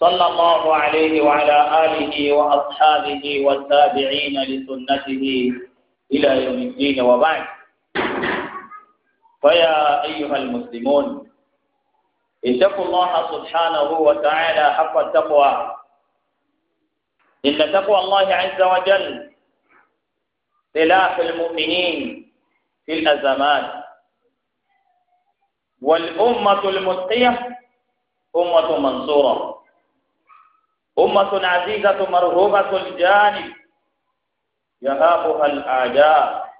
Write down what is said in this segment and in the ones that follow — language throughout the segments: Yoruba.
صلى الله عليه وعلى آله وأصحابه والتابعين لسنته إلى يوم الدين وبعد فيا أيها المسلمون اتقوا الله سبحانه وتعالى حق التقوى إن تقوى الله عز وجل سلاح المؤمنين في الأزمات والأمة المتقية أمة منصورة أمة عزيزة مرهوبة الجانب يهابها الأعداء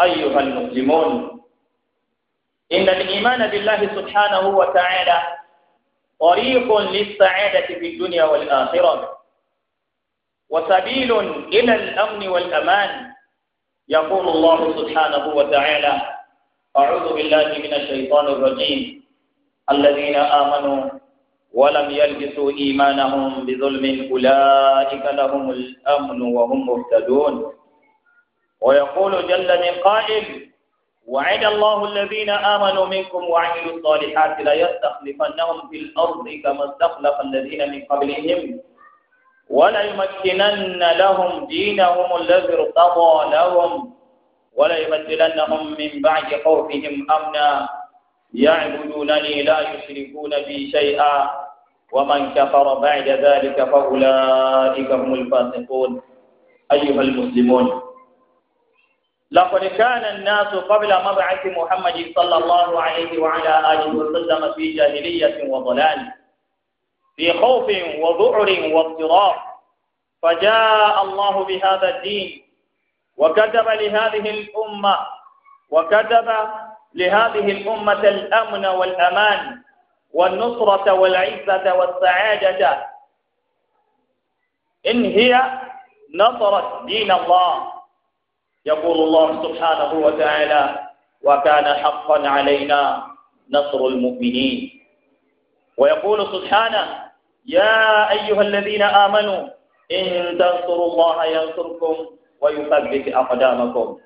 أيها المسلمون إن الإيمان بالله سبحانه وتعالى طريق للسعادة في الدنيا والآخرة وسبيل إلى الأمن والأمان يقول الله سبحانه وتعالى أعوذ بالله من الشيطان الرجيم الذين آمنوا ولم يلبسوا إيمانهم بظلم أولئك لهم الأمن وهم مهتدون ويقول جل من قائل وعد الله الذين آمنوا منكم وعملوا الصالحات ليستخلفنهم في الأرض كما استخلف الذين من قبلهم وليمكنن لهم دينهم الذي ارتضى لهم يبدلنهم من بعد خوفهم أمنا يعبدونني لا يشركون بي شيئا ومن كفر بعد ذلك فأولئك هم الفاسقون أيها المسلمون لقد كان الناس قبل مبعث محمد صلى الله عليه وعلى آله وسلم في جاهلية وضلال في خوف وذعر واضطراب فجاء الله بهذا الدين وكتب لهذه الأمة وكتب لهذه الأمة الأمن والأمان والنصرة والعزة والسعادة إن هي نصرت دين الله يقول الله سبحانه وتعالى وكان حقا علينا نصر المؤمنين ويقول سبحانه يا أيها الذين آمنوا إن تنصروا الله ينصركم ويثبت أقدامكم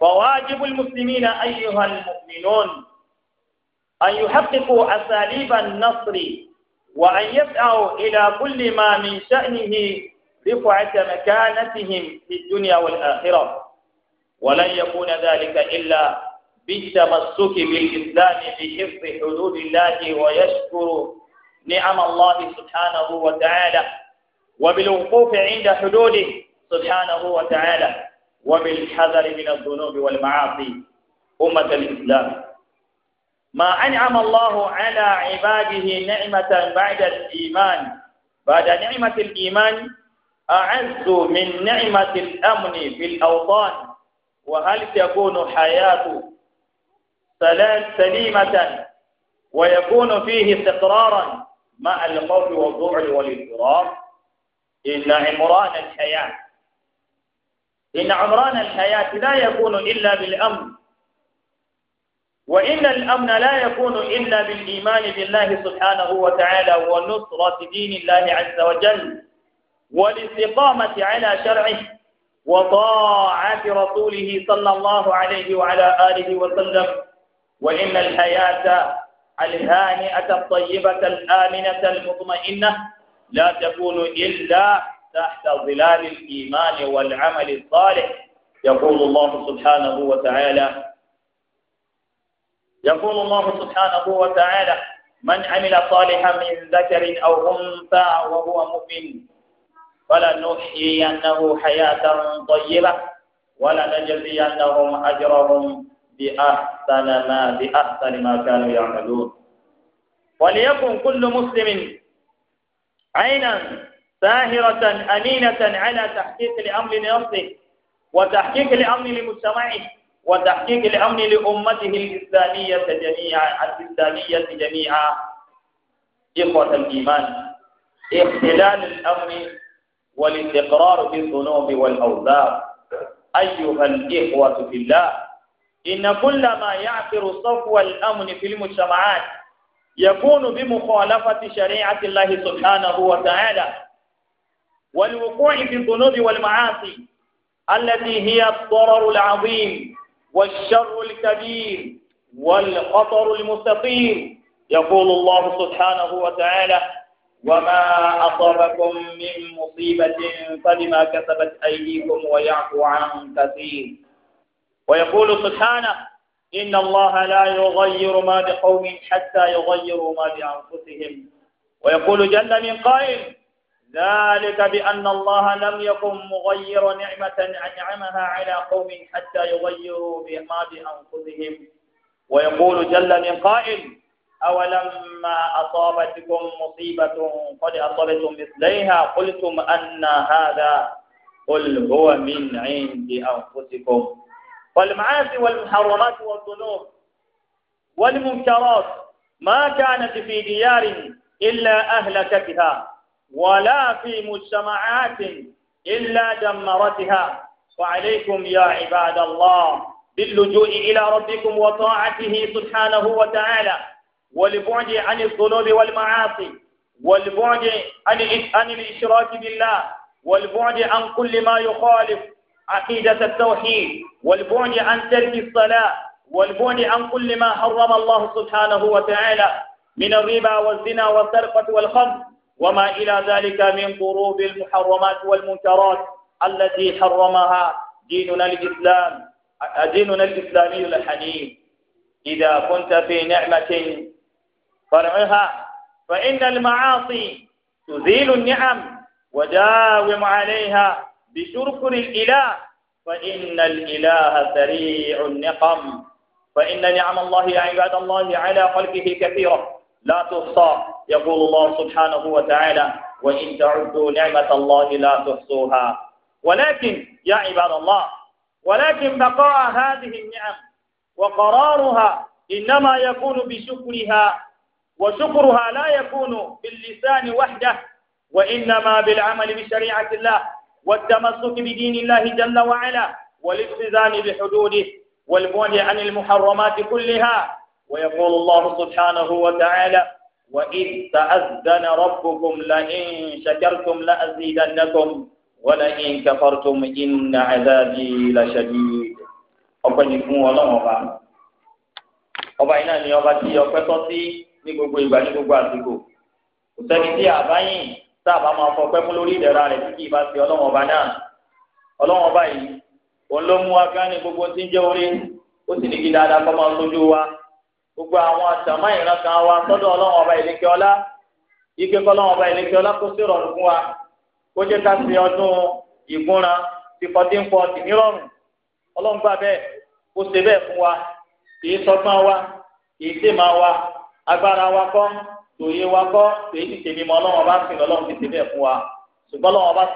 فواجب المسلمين أيها المؤمنون أن يحققوا أساليب النصر وأن يسعوا إلى كل ما من شأنه رفعة مكانتهم في الدنيا والآخرة ولن يكون ذلك إلا بالتمسك بالإسلام بحفظ حدود الله ويشكر نعم الله سبحانه وتعالى وبالوقوف عند حدوده سبحانه وتعالى وبالحذر من الذنوب والمعاصي أمة الإسلام ما أنعم الله على عباده نعمة بعد الإيمان بعد نعمة الإيمان أعز من نعمة الأمن في الأوطان وهل تكون حياة سليمة ويكون فيه استقرارا مع الخوف والذعر والاضطراب إن عمران الحياة إن عمران الحياة لا يكون إلا بالأمن وإن الأمن لا يكون إلا بالإيمان بالله سبحانه وتعالى ونصرة دين الله عز وجل والاستقامة على شرعه وطاعة رسوله صلى الله عليه وعلى آله وسلم وإن الحياة الهانئة الطيبة الآمنة المطمئنة لا تكون إلا تحت ظلال الإيمان والعمل الصالح يقول الله سبحانه وتعالى يقول الله سبحانه وتعالى من عمل صالحا من ذكر أو أنثى وهو مؤمن فلنحيينه حياة طيبة ولنجزينهم أجرهم بأحسن ما بأحسن ما كانوا يعملون وليكن كل مسلم عينا ساهرة أمينة على تحقيق الأمر لنفسه وتحقيق الأمر لمجتمعه وتحقيق الأمن لأمته الإسلامية جميعا الإسلامية جميعا إخوة الإيمان اختلال الأمن والاستقرار في الذنوب والأوزار أيها الإخوة في الله إن كل ما يعثر صفو الأمن في المجتمعات يكون بمخالفة شريعة الله سبحانه وتعالى والوقوع في الذنوب والمعاصي التي هي الضرر العظيم والشر الكبير والخطر المستقيم يقول الله سبحانه وتعالى وما أصابكم من مصيبة فبما كسبت أيديكم ويعفو عن كثير ويقول سبحانه إن الله لا يغير ما بقوم حتى يغيروا ما بأنفسهم ويقول جل من قائل ذلك بأن الله لم يكن مغير نعمة أنعمها على قوم حتى يغيروا بما بأنفسهم ويقول جل من قائل أولما أصابتكم مصيبة قد أصبتم مثليها قلتم أن هذا قل هو من عند أنفسكم والمعاصي والمحرمات والذنوب والمنكرات ما كانت في ديار إلا أهلكتها ولا في مجتمعات إلا دمرتها وعليكم يا عباد الله باللجوء إلى ربكم وطاعته سبحانه وتعالى والبعد عن الذنوب والمعاصي والبعد عن الإشراك بالله والبعد عن كل ما يخالف عقيدة التوحيد والبعد عن ترك الصلاة والبعد عن كل ما حرم الله سبحانه وتعالى من الربا والزنا والسرقة والخمر وما إلى ذلك من قروب المحرمات والمنكرات التي حرمها ديننا الإسلام ديننا الإسلامي الحنيف إذا كنت في نعمة فرعها فإن المعاصي تزيل النعم وداوم عليها بشكر الإله فإن الإله سريع النقم فإن نعم الله يا عباد الله على خلقه كثيرة لا تحصى يقول الله سبحانه وتعالى وإن تعدوا نعمة الله لا تحصوها ولكن يا عباد الله ولكن بقاء هذه النعم وقرارها إنما يكون بشكرها وشكرها لا يكون باللسان وحده وإنما بالعمل بشريعة الله والتمسك بدين الله جل وعلا والالتزام بحدوده والبعد عن المحرمات كلها ويقول الله سبحانه وتعالى وإذ تأذن ربكم لئن شكرتم لأزيدنكم ولئن كفرتم إن عذابي لشديد ọpẹ́ ni fún Ọlọ́run ọba ọba yìí náà ni ọba tí ọpẹ́ tọ́ sí ní gbogbo ìgbà ní gbogbo àsìkò kò sẹ́ni tí àbáyìn tá a bá máa fọpẹ́ fún lórí ìdẹ̀ra rẹ̀ tí kì í bá ti Ọlọ́run ọba náà Ọlọ́run ọba yìí òun ló mú wa gán ní gbogbo tí ń jẹ́ orí ó sì ní kí dáadáa kọ́ máa sójú wa gbogbo àwọn àtàmá ìran kan wa sọ́dọ̀ ọlọ́run ọba ìlékè ọlá ike kọ́lọ́run ọba ìlékè ọlá kó sí ìrọ̀rùn fún wa kó jẹ́ ká ṣe ọdún ìgúnra ti fourteen forty nírọ̀rùn ọlọ́run gbà bẹ́ẹ̀ kó wa kì í sọgbọ́n wa kì í sèmá wa agbára wa kọ́ tòye wa kọ́ tòye ti tèmi mọ́ ọlọ́run ọba sìn ọlọ́run ti ṣe bẹ́ẹ̀ fún ọba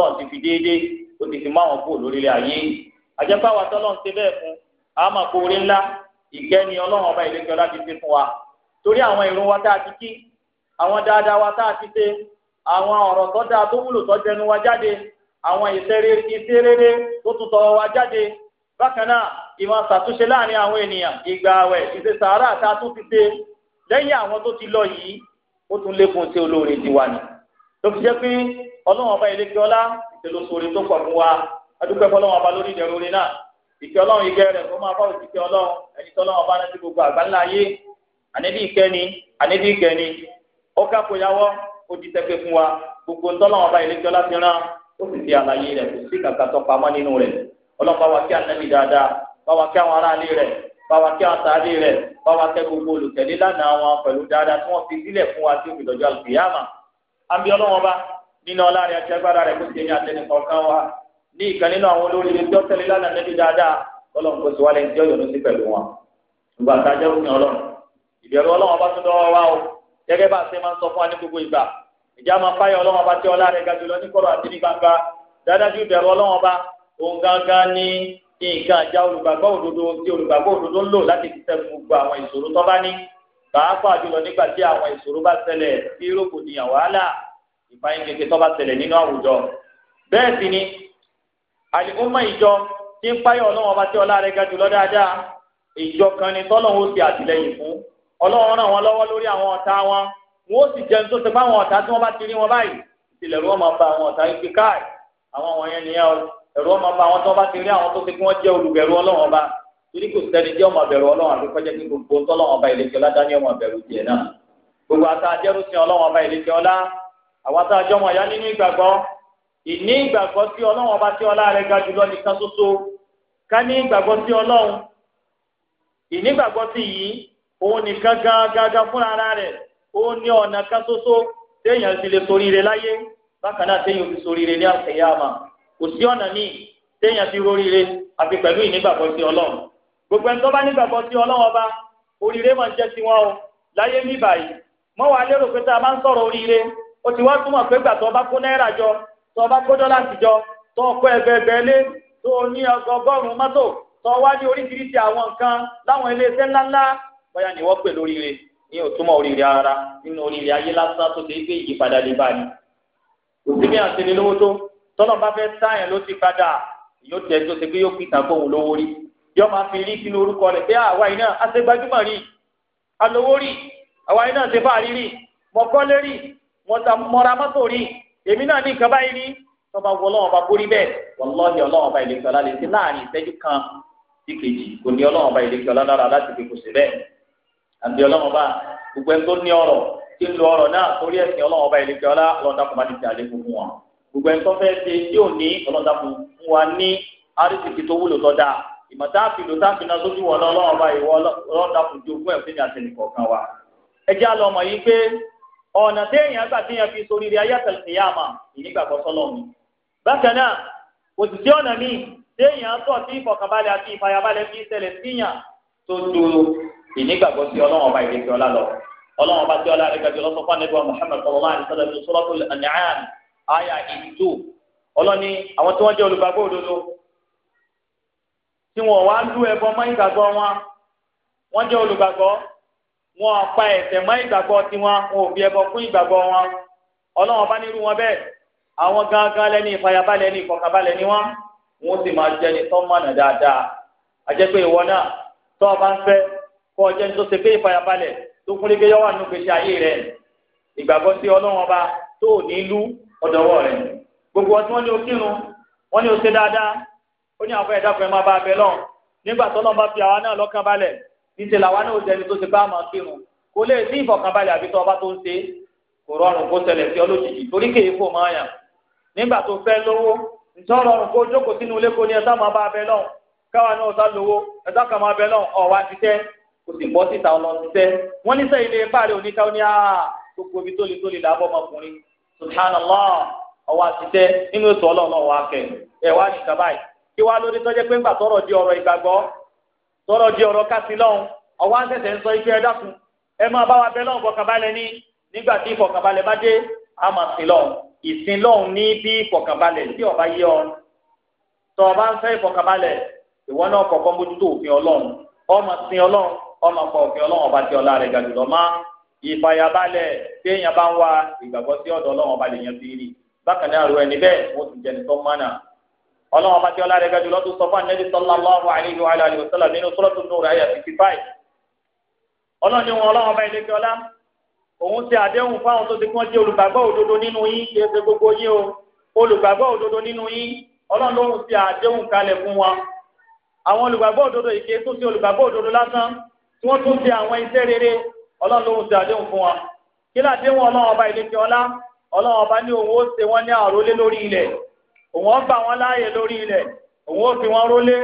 wa ni ó ti fi mú àwọn kúrò lórílẹ̀ ayé àjẹpá wa tọ́lọ́ ń ṣe bẹ́ẹ̀ fún àmọ́ kó orí ńlá ìkẹ́ni ọlọ́run ọba ìlẹ́kẹ́ ọlá ti ṣe fún wa torí àwọn ìrun wa tá a ti kí àwọn dáadáa wa tá a ti ṣe àwọn ọ̀rọ̀ tó dáa tó wúlò tó jẹnu wa jáde àwọn ìṣe rere tó tún tọrọ wa jáde bákan náà ìmọ̀ ṣàtúnṣe láàrin àwọn ènìyàn ìgbà àwẹ̀ ìṣe sàárà tá a tún ti ṣe lẹ́yìn àwọn tó ti lọ yìí ó tún lékun sí olóore tiwa ni tó fi jẹ́ pé ọlọ́run ọba ìlẹ́kẹ́ ọlá ṣe ló sori tó pọ̀ fún wa adúpẹ́ fọlọ́wọn ọba lórí ìdẹ̀rù orin náà ìkẹ́ ọlọ́run ìkẹ́ rẹ̀ kó máa bá òṣìṣẹ́ ọlọ́run ẹni tọ́lọ́wọn ọba náà ti gbogbo àgbáńlá ayé ànẹ́bí ìkẹ́ni ànẹ́bí ìkẹ́ni ó kápòyàwọ́ ó di tẹ́pẹ́ fún wa gbogbo tọ́lọ́wọn ọba ìlẹ́jọ́ láti rán ó sì fi àlàyé rẹ̀ kò sí kàkà tó pamọ́ nínú rẹ̀ ọlọ́pàá wa kí ànẹ́bí dáadáa bá wa kí àwọn aráalé rẹ̀ bá wa kí àwọn nínú ọlá rẹ̀ àti agbára rẹ̀ kó ti ní àtẹnì kọ̀ọ̀kan wa ní ìkan nínú àwọn olórí ilé tó tẹ̀lé lánàá níbi dáadáa ọlọ́run kò sí wálé ní ọ̀yọ́ lọ́sí pẹ̀lú wọn. ìgbà tá a jẹ́ òfin ọlọ́run ìbẹ̀rù ọlọ́run ọba tó dọ́wọ́ wa o gẹ́gẹ́ bá a ṣe máa ń sọ fún wa ní gbogbo ìgbà ìjà máa fáyọ̀ ọlọ́run ọba tí ọlá rẹ̀ ga jùlọ ní kọ̀rọ̀ àti ní gbangba dáadájú ìbẹ̀rù ọlọ́run ọba òun gangan ní nǹkan àjà olùgbàgbọ́ òdodo tí olùgbàgbọ́ òdodo ń lò láti fi ṣẹ́gun gbogbo àwọn ìṣòro tó bá ní pàápàá jùlọ nígbà tí àwọn ìṣòro bá ṣẹlẹ̀ bí rògbòdìyàn wàhálà ìfàyín kékeré tó bá ṣẹlẹ̀ nínú àwùjọ bẹ́ẹ̀ sì ni àlìkúmọ̀ ìjọ tí ń páyọ̀ ọlọ́wọ́n bá tí ọlá rẹ̀ ga jùlọ dáadáa ìjọ kan ni tọ́lọ́hún ó ti àtìlẹ́yìn fún ọlọ́wọ́n ràn wọ́n lọ́wọ́ lórí àwọn ọ̀tá wọn wọn ó sì jẹun tó ṣe fáwọn ọ̀tá tí wọ́n bá ti rí wọn báyìí ìtìlẹ̀ rú máa ba àwọn ọ̀tá yìí káì àwọn wọ̀nyẹn nìyẹn o ẹ̀rú máa ba àwọn tí wọ́n bá ti rí àwọn tó ṣe kí wọ́n jẹ́ olùbẹ̀rù ọlọ́wọ́n ọba torí kò sẹ́ni jẹ́ ọmọ àbẹ̀rù ọlọ́wọ́n àti kọjá gbogbo tọ́lọ́wọ́n ọba ìlẹ́kẹ́ ọlá dání ọmọ àbẹ̀rù tiẹ̀ náà gbogbo àtàjẹ́rù sin ọlọ́wọ́n ọba ìlẹ́kẹ́ ọlá àwọn tá a jọmọ ìyá nínú ìgbàgbọ́ ìní ọba tí ọlá ga jùlọ nìkan ṣoṣo ká ní ìgbàgbọ́ sí ọlọ́run ìní ìgbàgbọ́ yìí òun nìkan fúnra ara ó ní ọ̀nà kan téèyàn ti lè soríire láyé bákan náà téèyàn fi soríire ní kò sí ọ̀nà téèyàn fi roríire àfi pẹ̀lú gbogbo ẹni tó bá ọba oríire máa ń tiwọn o láyé ní báyìí wàá lérò ó ti wá túmọ̀ pé gbà tó o bá kó náírà jọ tó o bá kó dọ́là sí jọ tó o kó ẹgbẹ̀ẹ̀gbẹ̀ lé tó ní ọgọgọ́rùn-ún mọ́tò tó wá ní oríṣiríṣi àwọn nǹkan láwọn iléeṣẹ́ ńláńlá bóyá ni wọ́n pè lóríire ní òtúmọ̀ oríire ara nínú oríire ayé lásán tó ti gbé ìyípadà lè bá ní. òsì mi àti ní lówó tó tọ́lọ̀ bá fẹ́ sáyẹn ló ti padà yóò tẹ̀ tó ti gbé yóò pìtà fóun lówó rí yóò máa fi rí sínú orúkọ rẹ̀ pé wọ́n ta mọ́ra mọ́tò rí èmi náà ní nǹkan báyìí rí tọ́ba wọ ọlọ́wọ́n bá borí bẹ́ẹ̀ wọ́lọ́ọ̀hì ọlọ́wọ́n bá ìlẹ́kẹ́ ọlá lè ti láàrin ìṣẹ́jú kan sí kejì kò ní ọlọ́wọ́n bá ìlẹ́kẹ́ ọlá lára láti fi kò sí bẹ́ẹ̀ àti ọlọ́wọ́n bá gbogbo ẹni tó ní ọ̀rọ̀ tí ń lo ọ̀rọ̀ náà torí ẹ̀sìn ọlọ́wọ́n bá ìlẹ́kẹ́ ọlá ọlọ́dàkùn má ti fi àlékún fún wọn gbogbo ẹni tó fẹ́ ṣe tí ìmọ̀tá àfihàn tá a fi náà sójú wọn lọ́wọ́ ọba ìwọ ọlọ́dàkùn jogún fún ìyàtẹ̀lẹ̀ kọ̀ọ̀kan wa ẹ jẹ́ àlọ́ ọmọ yìí pé ọ̀nà téèyàn gbà ya fi sórí ya ayẹ́tẹ̀lẹ̀ kìyàmà ìnígbàgbọ́ sọ́lọ́ mi. bákan náà kò sì sí ọ̀nà míì téèyàn tọ̀ sí ìfọ̀kànbalẹ̀ àti ìfàyàbalẹ̀ fi ṣẹlẹ̀ síyàn tó ju ìnígbàgbọ́ sí ọlọ́run ọba ìrètí ọlá lọ. ọlọ́run ọba tí ọlá rẹ̀ gàdú lọ́sọ̀ fún anẹ́gbẹ́ Muhammad sallallahu alaihi wasallam wọn pa ẹ̀ṣẹ̀ mọ́ ìgbàgbọ́ tiwọn wọn ò fi ẹbọ fún ìgbàgbọ́ wọn ọlọ́run bá nírú wọn bẹ́ẹ̀ àwọn gangan lẹ́ni ìfàyàbalẹ̀ ní ìfọ̀kànbalẹ̀ ni wọ́n wọn sì máa jẹ́ ni tọ́mọ̀nà dáadáa àjẹ́ pé ìwọ náà tọ́ ọ bá ń fẹ́ kọ́ ọ jẹ́ ní tó ṣe pé ìfàyàbalẹ̀ tó kún léke yọ́wà nínú gbèsè ayé rẹ̀ ìgbàgbọ́ sí ọlọ́run ọba tó ò ní lú ọ̀dọ̀wọ́ rẹ̀ gbogbo ọtí wọn ní okírun wọn ní ó ṣe dáadáa ó ní àwọn ẹ̀dá níṣẹ́ làwa náà jẹ́ni tó ti bá máa kírun kò lè ní ìfọ̀kànbalẹ̀ àbí tó ọba tó ń ṣe kò rọrùn kó ṣẹlẹ̀ sí ọ lójijì torí kéè fò máa yàn nígbà tó fẹ́ lówó ǹtọ́ rọrùn kó jókòó sínú ilé kó ní ẹ̀sán máa bá abẹ lọ́hùn káwa náà sá lówó ẹ̀sán kan máa bẹ lọ́hùn ọ̀wá títẹ́ kò sì bọ́ síta wọ́n ní sẹ́yìn tọrọ di ọ̀rọ̀ kásí lọ́hùn ọwọ́ àtẹ̀tẹ̀ ń sọ ife ẹ̀dá fún ẹ máa bá wa bẹ lọ́hùn fọkànbalẹ̀ ní nígbà tí ìfọkànbalẹ̀ bá dé a máa sìn lọ́hùn ìsìn lọ́hùn ní bí ìfọkànbalẹ̀ tí ọba yé ọ tọ ọba ń fẹ́ ìfọkànbalẹ̀ ìwọ náà kọ́kọ́ mójútó òfin ọlọ́run ọmọ sìn ọlọ́run ọmọ pa òfin ọlọ́run ọba tí ọlá rẹ̀ ga jùlọ má ìfàyàbalẹ̀ téèyàn bá ń wa ìgbàgbọ́ sí ọ̀dọ̀ ọlọ́run ọba lè yan ọlọ́run bá tí ọlá rẹ̀ ga jùlọ tó sọ fún anabi sallallahu alayhi wa alayhi wa sallam nínú suratul nur àyà fifty five ọlọ́run ni wọn ọlọ́run bá ilé fiọlá òun ti àdéhùn fáwọn tó ti kí wọ́n jẹ́ olùgbàgbọ́ òdodo nínú yín kí ẹsẹ̀ gbogbo yín o olùgbàgbọ́ òdodo nínú yín ọlọ́run lòun ti àdéhùn kalẹ̀ fún wọn àwọn olùgbàgbọ́ òdodo ìké tó ti olùgbàgbọ́ òun ọba wọn láàyè lórí ilẹ̀ òun ó fi wọn rólé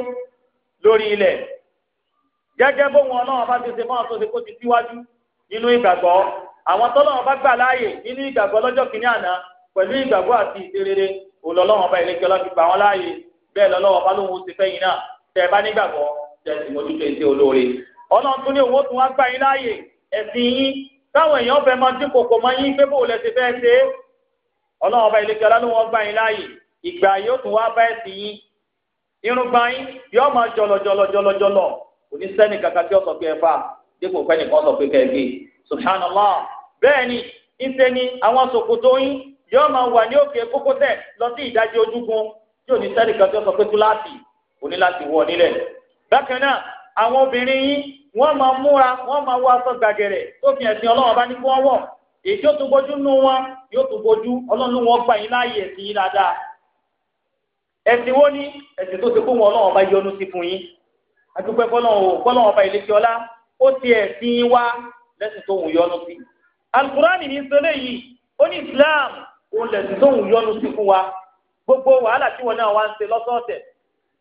lórí ilẹ̀ gẹ́gẹ́ bó wọn bá ti ṣe fún àwọn tó ṣe kó ti síwájú nínú ìgbàgbọ́ àwọn tọ́lọ́run bá gbà láàyè nínú ìgbàgbọ́ lọ́jọ́ kìíní àná pẹ̀lú ìgbàgbọ́ àti ìṣerere olọ́lọ́wọ́n bá ìlẹ́kẹ́ ọlọ́fi gbà wọn láàyè bẹ́ẹ̀ ìgbà yóò tún wá bá ẹ̀sìn yín irungba yín yóò máa jọlọ jọlọ jọlọ jọlọ kò ní sẹ́ni kankan tí ó sọ pé ẹ fà dípò pé nìkan sọ pé kẹ́ẹ̀gì subhanallah bẹ́ẹ̀ ni ìṣe ni àwọn ṣòkòtò yín yóò máa wà ní òkè kókósẹ̀ lọ sí ìdajì ojúgun tí ò ní sẹ́ni kankan tí ó sọ pé túláàsì kò ní láti wọ nílẹ̀ bákan náà àwọn obìnrin yín wọ́n máa múra wọ́n máa wọ aṣọ gbàgẹ̀rẹ̀ tó fi ẹ̀sìn ọlọ́run bá ní kí wọ́n wọ̀ èyí tó tún bójú nù wọn yóò tún bójú ọlọ́run wọn gbà yín láàyè ẹ̀sìn yín dáadáa ẹ̀sìn wo ni ẹ̀sìn tó ṣe kó wọn ọlọ́wọ́n bá yọ́nú sí fún yín adúpẹ́ fọlọ́wọ́n fọlọ́wọ́n bá ilé tí ọlá ó ti ẹ̀sìn wa lẹ́sìn tó wù yọ́nú sí. alukurani ní sọlẹ̀ yìí ó ní islam òun lẹ̀sìn tó wù yọ́nú sí fún wa gbogbo wàhálà tí wọn náà wá ń ṣe lọ́sọ̀ọ̀sẹ̀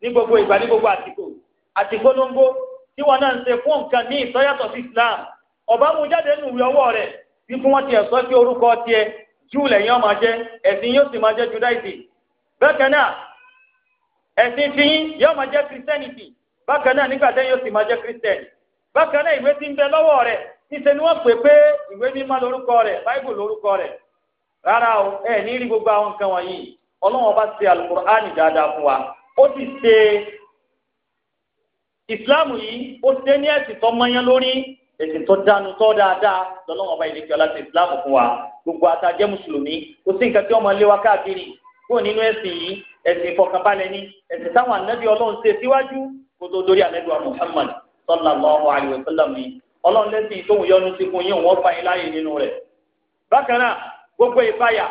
ní gbogbo ìgbà ní gbogbo àsìkò àsìkò ló ń gbó tí wọn náà ń ṣe fún nǹkan ní ìsọyàtọ̀ sí islam ọba mu jáde nù wí ọwọ́ rẹ̀ bí fún wọn tiẹ̀ sọ sí orúkọ tiẹ̀ júù lẹ́yìn ọmọ jẹ́ ẹ̀sìn yóò sì máa jẹ́ judaism bẹ́ẹ̀ kan náà ẹ̀sìn tí yín yóò máa jẹ́ kírísítẹ́nìtì bákan náà nígbà tẹ́yìn yóò sì máa jẹ́ kírísítẹ́nì bákan náà ìwé tí ń bẹ lọ́wọ́ rẹ̀ níṣẹ́ ni wọ́n pè pé ìwé mímọ́ lórúkọ rẹ̀ báíbù lórúkọ rẹ̀ rárá o ẹ ní rí gbogbo àwọn nǹkan wọ̀nyí ọlọ́run ọba ṣe alukur'ani dáadáa fún wa ó sì ṣe ìsìláàmù yìí ó ṣe ní ẹ̀sìn tó mọ́yán lórí ẹ̀sìn tó dánu tó dáadáa lọ́lọ́run ọba ìlẹ́kẹ́ ọlá ṣe ìsìláàmù fún wa gbogbo àtàjẹ́ mùsùlùmí kò sí nǹkan tí wọ́n máa wa káàkiri kúrò nínú ẹ̀sìn yìí ẹ̀sìn ìfọkànbalẹ̀ ni ẹ̀sìn táwọn ànábì ọlọ́run ṣe síwájú kó tó dórí ànábì wa Muhammad sallallahu alayhi wa sallam ni ọlọ́run lẹ́sìn tó wùyọ́ yín wọ́n fa nínú rẹ̀. bákan náà gbogbo ìpayà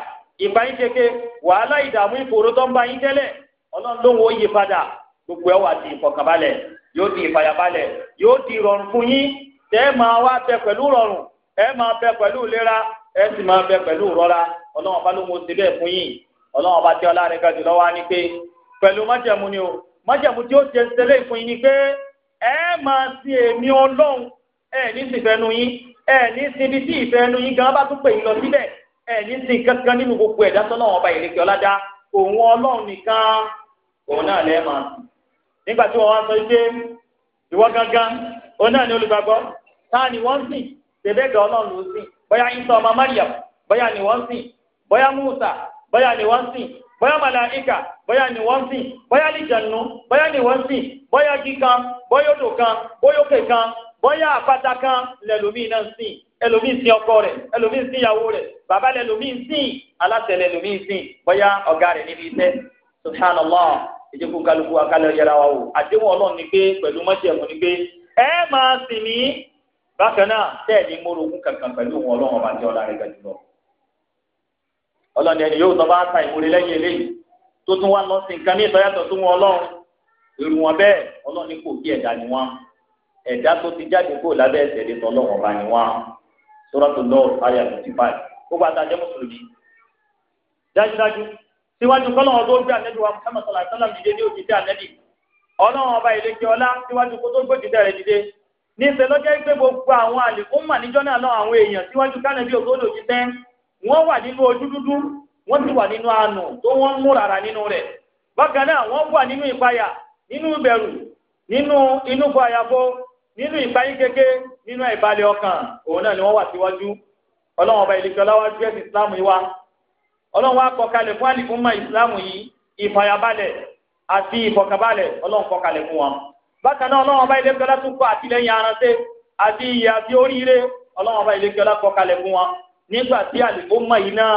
ìpayín keke wàhálà ìdààmú ìfòòró tó ń ba yín tẹ́lẹ̀ ọlọ́run ló ń wo ẹ máa ọlọ́run ọba tí ọlá rẹ̀ ga jùlọ ní pẹ̀lú májẹ̀mú ni o májẹ̀mú tí ó ti ṣẹlẹ̀ fún yín ni pé ẹ máa ti èmi ọlọ́run ẹ ní sìnfẹ́nu yín ẹ ní tí gan bá tún pè ní sin kankan nínú gbogbo ẹ̀dá ọba ìrèké òun ọlọ́run nìkan òun tí wọ́n wá sọ pé ìwọ gangan òun náà ni olùgbàgbọ́ táà ni wọ́n ọmọ Mariam ni wọ́n bóyá ni wọ́n sìn bóyá màláìkà bóyá ni wọ́n sìn bóyá lìjànú bóyá ni wọ́n sìn bóyá kíkan bóyá odò kan bóyá òkè kan bóyá àpáta kan lẹ́lòmíì náà sìn ẹlòmíì sìn ọkọ rẹ̀ ẹlòmíì sìn ìyàwó rẹ̀ bàbá lẹ́lòmíì sìn aláṣẹ lẹ́lòmíì sìn bóyá ọ̀gá rẹ̀ níbi iṣẹ́ subhanallah ìjẹ́kù kálukú akálẹ̀ yẹra wa wò àdéhùn ọlọ́run ni pé pẹ̀lú mọ́ṣẹ́mù ni pé ẹ máa sìn mí bákan náà tẹ́ẹ̀ ní mórogún kankan pẹ̀lú òun ọlọ́run ọba tí ọlá rẹ̀ ga ọlọ́ni ẹni yóò tọ́ bá ta ìmúre lẹ́yìn eléyìí tó tún wá lọ sí nǹkan ní ìtọ́yàtọ̀ tó wọn ọlọ́run irú wọn bẹ́ẹ̀ ọlọ́ni kò kí ẹ̀dá ni wọn ẹ̀dá tó ti jáde kó lábẹ́ ẹ̀sẹ̀ lè tọ́ lọ́wọ́ bá ni wọn sọ́rọ́tò lọ́ọ̀ fáyà fifty five ó bá dájọ́ mùsùlùmí. dájúdájú síwájú kọ́lọ́wọ́ tó gbé ànẹ́bí wa Muhammad sallallahu alaihi wasallam dìde ní òjijì ànẹ́bí ọlọ́wọ́n ọba ìlẹ́kẹ́ ọlá síwájú kó tó gbé òjijì rẹ̀ dìde níṣẹ́ lọ́jọ́ wọ́n wà nínú ojú dúdú wọ́n ti wà nínú àánú tó wọ́n ń mú rárá nínú rẹ̀ bákan náà wọ́n wà nínú ìpayà nínú ìbẹ̀rù nínú inú fàyàfọ́ nínú ìpayí kéke nínú ìbalẹ̀ ọkàn òun náà ni wọ́n wà síwájú ọlọ́run ọba ìlẹ̀kẹ́ ọlọ́wọ́ ju ẹ̀sìn ìsìláàmù yìí wá ọlọ́run wá kọkalẹ̀ fún àlìkúnmọ̀ ìsìláàmù yìí ìfàyàbalẹ̀ àti ìfọkànbalẹ̀ ọlọ́run kọkalẹ̀ fún wọn bákan náà ọlọ́run ọba ìlẹ̀kẹ́ ọlá tún kọ àtìlẹ́yìn aránsẹ́ àti ìyè àti oríire ọlọ́run ọba ìlẹ̀kẹ́ ọlá kọkalẹ̀ fún wọn nígbà tí àlùkò mọ̀ yìí náà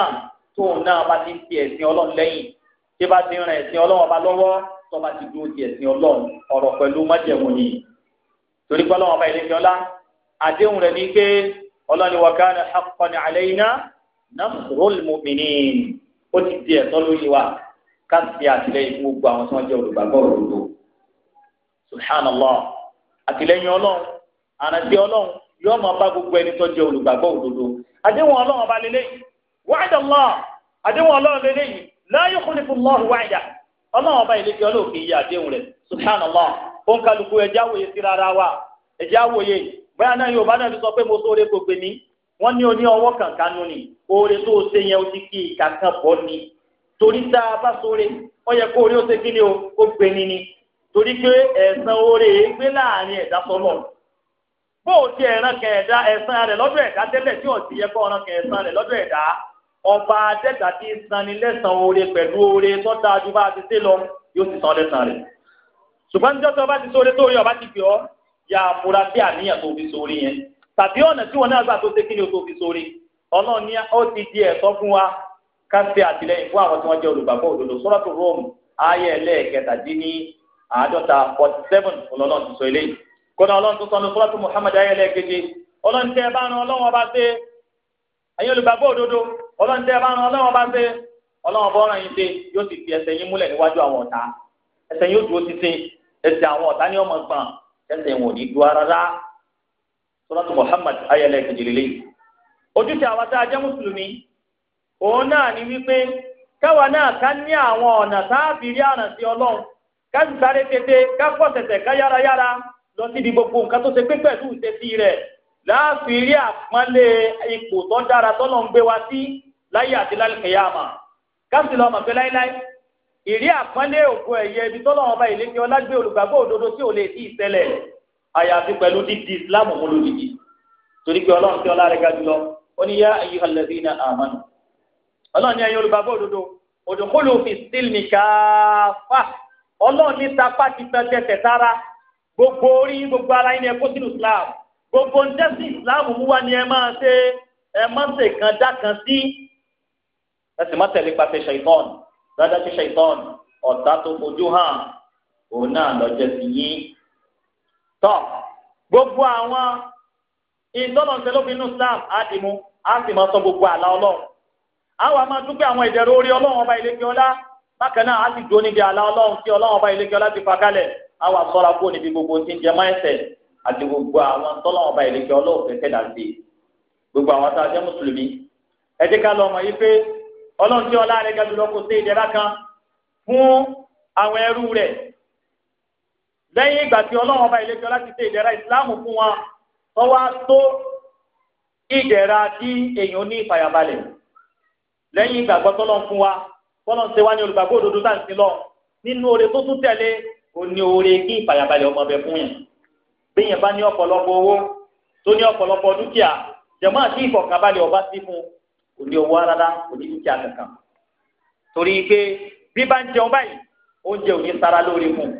tóun náà bá ti ń ti ẹ̀sìn ọlọ́run lẹ́yìn tí bá ti ń ran ẹ̀sìn ọlọ́run ọba lọ́wọ́ tó bá ti dúró ti ẹ̀sìn ọlọ́run ọ̀rọ̀ pẹ̀lú májẹ̀mú ni torí pé ọlọ́run ọba ìlẹ́sìn ọlá àdéhùn rẹ̀ ní pé ọlọ́run ni wa kana haqqan alayna nasrul mu'minin ó ti di ẹ̀tọ́ lórí wa ká ti fún gbogbo àwọn tí wọ́n jẹ́ olùgbàgbọ́ òdodo subhanallah àtìlẹ́yìn ọlọ́run àrántí ọlọ́run yóò máa bá gbogbo ẹni tó jẹ́ olùgbàgbọ òdodo àdéhùn ọlọ́run ọba lélẹ́yìí wáyà lọ́ọ̀ àdéhùn ọlọ́run láyé ọba àdéhùn kálukú sí rárá wa ẹja wòye bóyá náà yorùbá náà ti sọ pé mo sóore kò gbé mi wọ́n ní oní ọwọ́ kankan nù ni oore tó o ṣe yẹn o ti a bá yẹ kó oore ó ṣe kí ni o ó gbé ni torí pé oore gbé bó o ti ẹ̀ràn kẹ̀ẹ̀dá ẹ̀san rẹ̀ lọ́dọ̀ ẹ̀dá tẹ́lẹ̀ tí o ti yẹ kó ọ̀ràn kẹ̀ẹ̀san rẹ̀ lọ́dọ̀ ẹ̀dá ọba adẹ́gbà ti sanni lẹ́san oore pẹ̀lú oore tó dáa ju bá a ti dé lọ yóò ti san lẹ́san rẹ̀ ṣùgbọ́n níjọ́ tó o bá ti sóore tó o yọ ọba ti gbé ọ yà á fura sí àníyàn tó fi sóore yẹn tàbí ọ̀nà tí wọn náà gbà tó ṣe kí ni o tó fi sóore ọlọ́run ní ó ti di ẹ̀tọ́ fún wa ká ṣe àtìlẹ́yìn fún àwọn tí wọ́n jẹ́ olùgbàgbọ́ òdodo sọ́rọ́tò Rome ayé ẹlẹ́ẹ̀kẹtàdínní àádọ́ta forty seven ọlọ́run ti kódà ọlọ́run tó sọnù fúlọ́tù Muhammad ayẹlẹ keje ọlọ́run tẹ bá ran ọlọ́run ọba ṣe ẹ̀yin olùgbàgbọ́ òdodo ọlọ́run tẹ bá ran ọlọ́run ọba ṣe ọlọ́run ọba ọ̀ràn yín ṣe yóò sì fi ẹsẹ̀ yín múlẹ̀ níwájú àwọn ọ̀tá ẹsẹ̀ yóò dúró títí ẹsẹ̀ àwọn ọ̀tá Muhammad ayẹlẹ lọ síbi gbogbo nǹkan tó ṣe pé pẹ̀lú ìṣesí rẹ̀ láàfin rí àpọ́nlé ipò tó dára tọ́lọ́ ń gbé wa sí láyé àti lálùkẹ́yàmà káàsì lọ mọ̀ pé láíláí ìrí àpọ́nlé ògo ẹ̀yẹ ibi tọ́lọ́ ọba ìlékè ọlágbé olùgbàgbọ́ òdodo tí ò lè tí ì ṣẹlẹ̀ àyàfi pẹ̀lú dídi islam mú lódìdí torí pé ọlọ́run tí ọlá rẹ̀ ga jùlọ ó ní yá ayyuhal ladhina amanu ọlọ́run ní ẹ̀yin olùgbàgbọ́ òdodo òdòkólù fi sílmì káfà ọlọ́run ní sapá ti fẹ́ tẹ̀tẹ̀ sára gbogbo orí gbogbo ara yín ni ẹ kó sínú islam gbogbo ń tẹ́sí islam mú wá ni ẹ máa ṣe ẹ má ṣe kan dá kan sí ẹ sì má tẹ̀lé pàṣẹ ṣàìtọ́n dáadáa ṣe ṣàìtọ́n ọ̀tá tó fojú hàn òun náà lọ́jọ́ sí yín tọ́ gbogbo àwọn ìtọ́nàṣẹ́ ló fi inú islam á dì mú á sì máa sọ gbogbo àlá ọlọ́run àwọn àmọ́ dúpẹ́ àwọn ìdẹ̀rọ orí ọlọ́run ọba ìlẹ́kẹ́ ọlá bákan náà á sì dúró níbi àlá ọlọ́run tí ọlọ́run ọba ìlẹ́kẹ́ ọlá ti fà kalẹ̀ àwọn asọ́ra kúrò níbi gbogbo tí ń jẹ máa ẹsẹ̀ àti gbogbo àwọn tọ́lọ́wọ́n ọba ìlẹ́kẹ́ ọlọ́wọ́ fẹ́fẹ́ dà sí gbogbo àwọn tá a jẹ́ mùsùlùmí. ẹ jẹ́ ká lọ mọ̀ yí pé ọlọ́run tí ọlá rẹ̀ ga jùlọ kò sí ìdẹ́ra kan fún àwọn ẹrú rẹ̀ lẹ́yìn ìgbà tí ọlọ́run ọba ìlẹ́kẹ́ ọlá ti ṣe ìdẹ́ra ìsìláàmù fún wa tọ́wá tó ìdẹ̀ra tí èèyàn ní ìfàyàbalẹ̀ lẹ́yìn ìgbàgbọ́ tọ́lọ́n ó ní oore kí ìfàyàbalẹ̀ ọmọ bẹ fún yẹn bẹ́yẹn bá ní ọ̀pọ̀lọpọ̀ owó tó ní ọ̀pọ̀lọpọ̀ dúkìá jẹ̀mọ́ àti ìfọ̀kànbalẹ̀ ọba sí fún kò ní owó rárá kò ní dúkìá kankan torí pé bí bá ń jẹun báyìí oúnjẹ ò ní sara lórí fún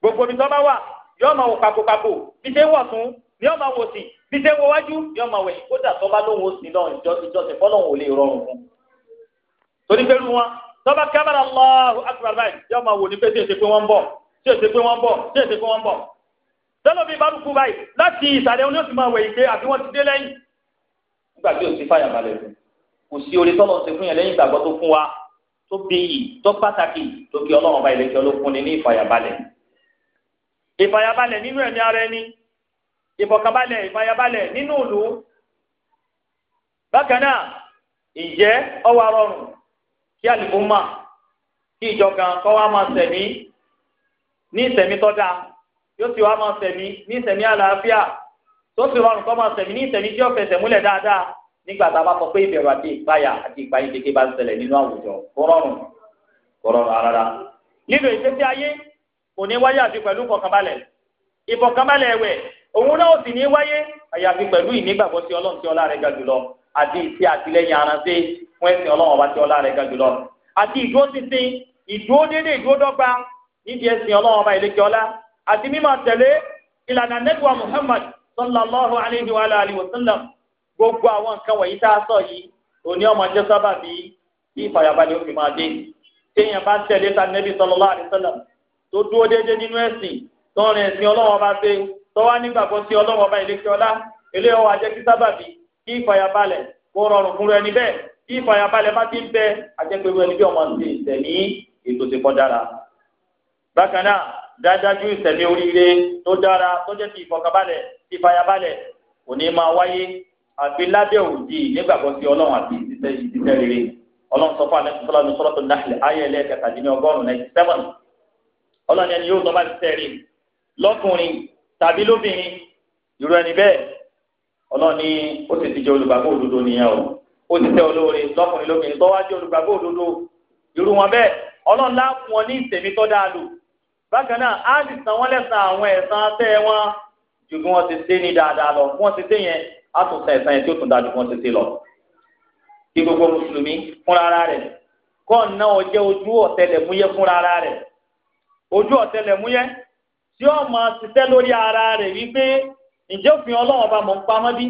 gbogbo ibi tó bá wà yóò máa wò kakokako bí ṣe wọ̀ tún yóò máa wò sí bí ṣe wọ wájú yóò máa wẹ̀ kódà tó bá lóun ó sì lọ ìjọsìn fọlọ́hún ò lè rọrùn fún torí pé lu wọn tó bá kábàrà Allahu akbar báyìí yóò máa wò ní pé tí o ṣe pé wọ́n ń bọ̀ tí o ṣe pé wọ́n bọ̀ tí o ṣe pé wọ́n bọ̀ tẹ́lọ̀bí ìbárùkù báyìí láti ni. oní oṣù máa wẹ̀ ìgbé àbí wọ́n ti dé lẹ́yìn nígbà tí o sì fàyà balẹ̀ fún kò sí orí tọ́lọ̀ ṣe fún yẹn lẹ́yìn ìgbàgbọ́ tó fún wa tó bíyì tó pàtàkì tó kí ọlọ́run ọba ìlẹ̀kẹ́ olókun ni ní ìfàyàbalẹ̀ ìfàyàbalẹ̀ nínú ẹ̀mí ara ẹni ìfọ̀kànbalẹ̀ ìfàyàbalẹ̀ nínú ìlú bákan náà ìjẹ́ ọwọ́ arọrùn kí àlùkò mà kí ìjọkan ní ìsẹ̀mí tọ́da yóò sì wá máa sẹ̀mí ní ìsẹ̀mí àlàáfíà tó sì rọrùn kọ́ máa sẹ̀mí ní ìsẹ̀mí tí yóò fẹsẹ̀ múlẹ̀ dáadáa nígbà tá a bá sọ pé ìbẹ̀rù àti ìpayà àti ìpayà kéke bá ń ṣẹlẹ̀ nínú àwùjọ kò rọrùn kò rọrùn rárá. lílo ìgbésí ayé kò ní wáyé àti pẹ̀lú ìfọ̀kànbalẹ̀ ìfọ̀kànbalẹ̀ ẹ̀wẹ̀ òun náà sì ní wáyé àyàfi pẹ̀lú ìnígbàgbọ́ sí ọlọ́run tí ọlá rẹ̀ ga jùlọ àti ìṣe àtìlẹ́yìn aránsẹ́ fún ẹ̀sìn ọlọ́run ọba tí ọlá rẹ̀ ga jùlọ àti ìdúró sísìn ìdúró déédéé ìdúró dọ́gba nídìí ẹ̀sìn ọlọ́run ọba ìlẹ́kẹ́ ọlá àti mímọ̀ tẹ̀lé ìlànà nẹ́gbà Muhammad sallallahu alayhi wa alayhi wa sallam gbogbo àwọn nǹkan wọ̀nyí tá a sọ yìí òní ọmọ jẹ́ sábà bí bí ìfàyàbalẹ̀ òfin máa dé téèyàn bá tẹ̀lé ta nẹ́bí sallallahu alayhi wa sallam tó dúró déédéé nínú ẹ̀sìn tó rìn ẹ̀sìn ọlọ́run ọba ṣe tó wá nígbàgbọ́ sí ọlọ́run ọba ìlẹ́kẹ́ ọlá ilé ọwọ́ ajẹ́ kí sábà bí bákan náà dájájú ìsẹ̀mí oríire tó dára tó jẹ́ ti ìfọ̀kànbalẹ̀ ti fàyàbalẹ̀ kò ní máa wáyé àfi lábẹ́ òdì nígbàgbọ́ sí ọlọ́run àti ìṣiṣẹ́ rere ọlọ́run sọ fún alẹ́ sọ́lá ní sọ́lá tó náà ayé ẹlẹ́ẹ̀kẹtàdínní ọgọ́rùn-ún ninety seven ọlọ́run ẹni yóò tọ́ bá ti sẹ́ẹ̀rì lọ́kùnrin tàbí lóbìnrin irú ẹni bẹ́ẹ̀ ọlọ́run ní ó sì ti jẹ́ olùgbàgbọ́ òdodo nìyẹn o ó ti tẹ́ olóore lọ́kùnrin lóbìnrin tó olùgbàgbọ́ òdodo irú wọn bẹ́ẹ̀ ọlọ́run láàfún wọn ní ìsẹ̀mí tó dáa lò bákan náà á sì san wọ́n lẹ́sàn àwọn ẹ̀san abẹ́ wọn ju bí wọ́n ti ṣe ní dáadáa lọ bí wọ́n ti ṣe yẹn á tún san ẹ̀san yẹn tí ó tún dájú bí wọ́n ti ṣe lọ. kí gbogbo mùsùlùmí fúnra rẹ̀ kọ́ọ̀n náà jẹ́ ojú ọ̀tẹlẹ̀múyẹ́ fúnra rẹ̀ ojú ọ̀tẹlẹ̀múyẹ́ tí ó máa ṣiṣẹ́ lórí ara rẹ̀ wípé ǹjẹ́ òfin ọlọ́run ọba mọ̀ ń pamọ́ bí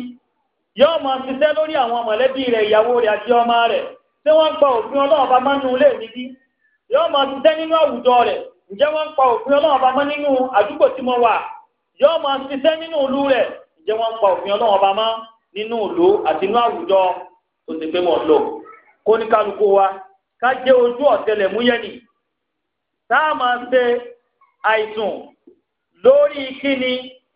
yóò máa ṣiṣẹ́ lórí àwọn mọ̀lẹ́bí rẹ̀ ìyàwó rẹ̀ àti ọmọ rẹ̀ tí wọ́n gba òfin ọlọ́run ọba mọ́nú ilé mi bí yóò máa ṣiṣẹ́ nínú àwùjọ rẹ̀ ǹjẹ́ wọ́n ń pa òfin ọlọ́run bá mọ́ nínú àdúgbò tí mo wà yóò máa ṣiṣẹ́ nínú ìlú rẹ̀ ǹjẹ́ wọ́n ń pa òfin ọlọ́run bá mọ́ nínú ìlú àti inú àwùjọ tó ti pé wọ́n lò kó ní kálukú wa ká jẹ́ ojú ọ̀tẹlẹ̀múyẹ́ nì tá a máa ṣe àìsùn lórí kíni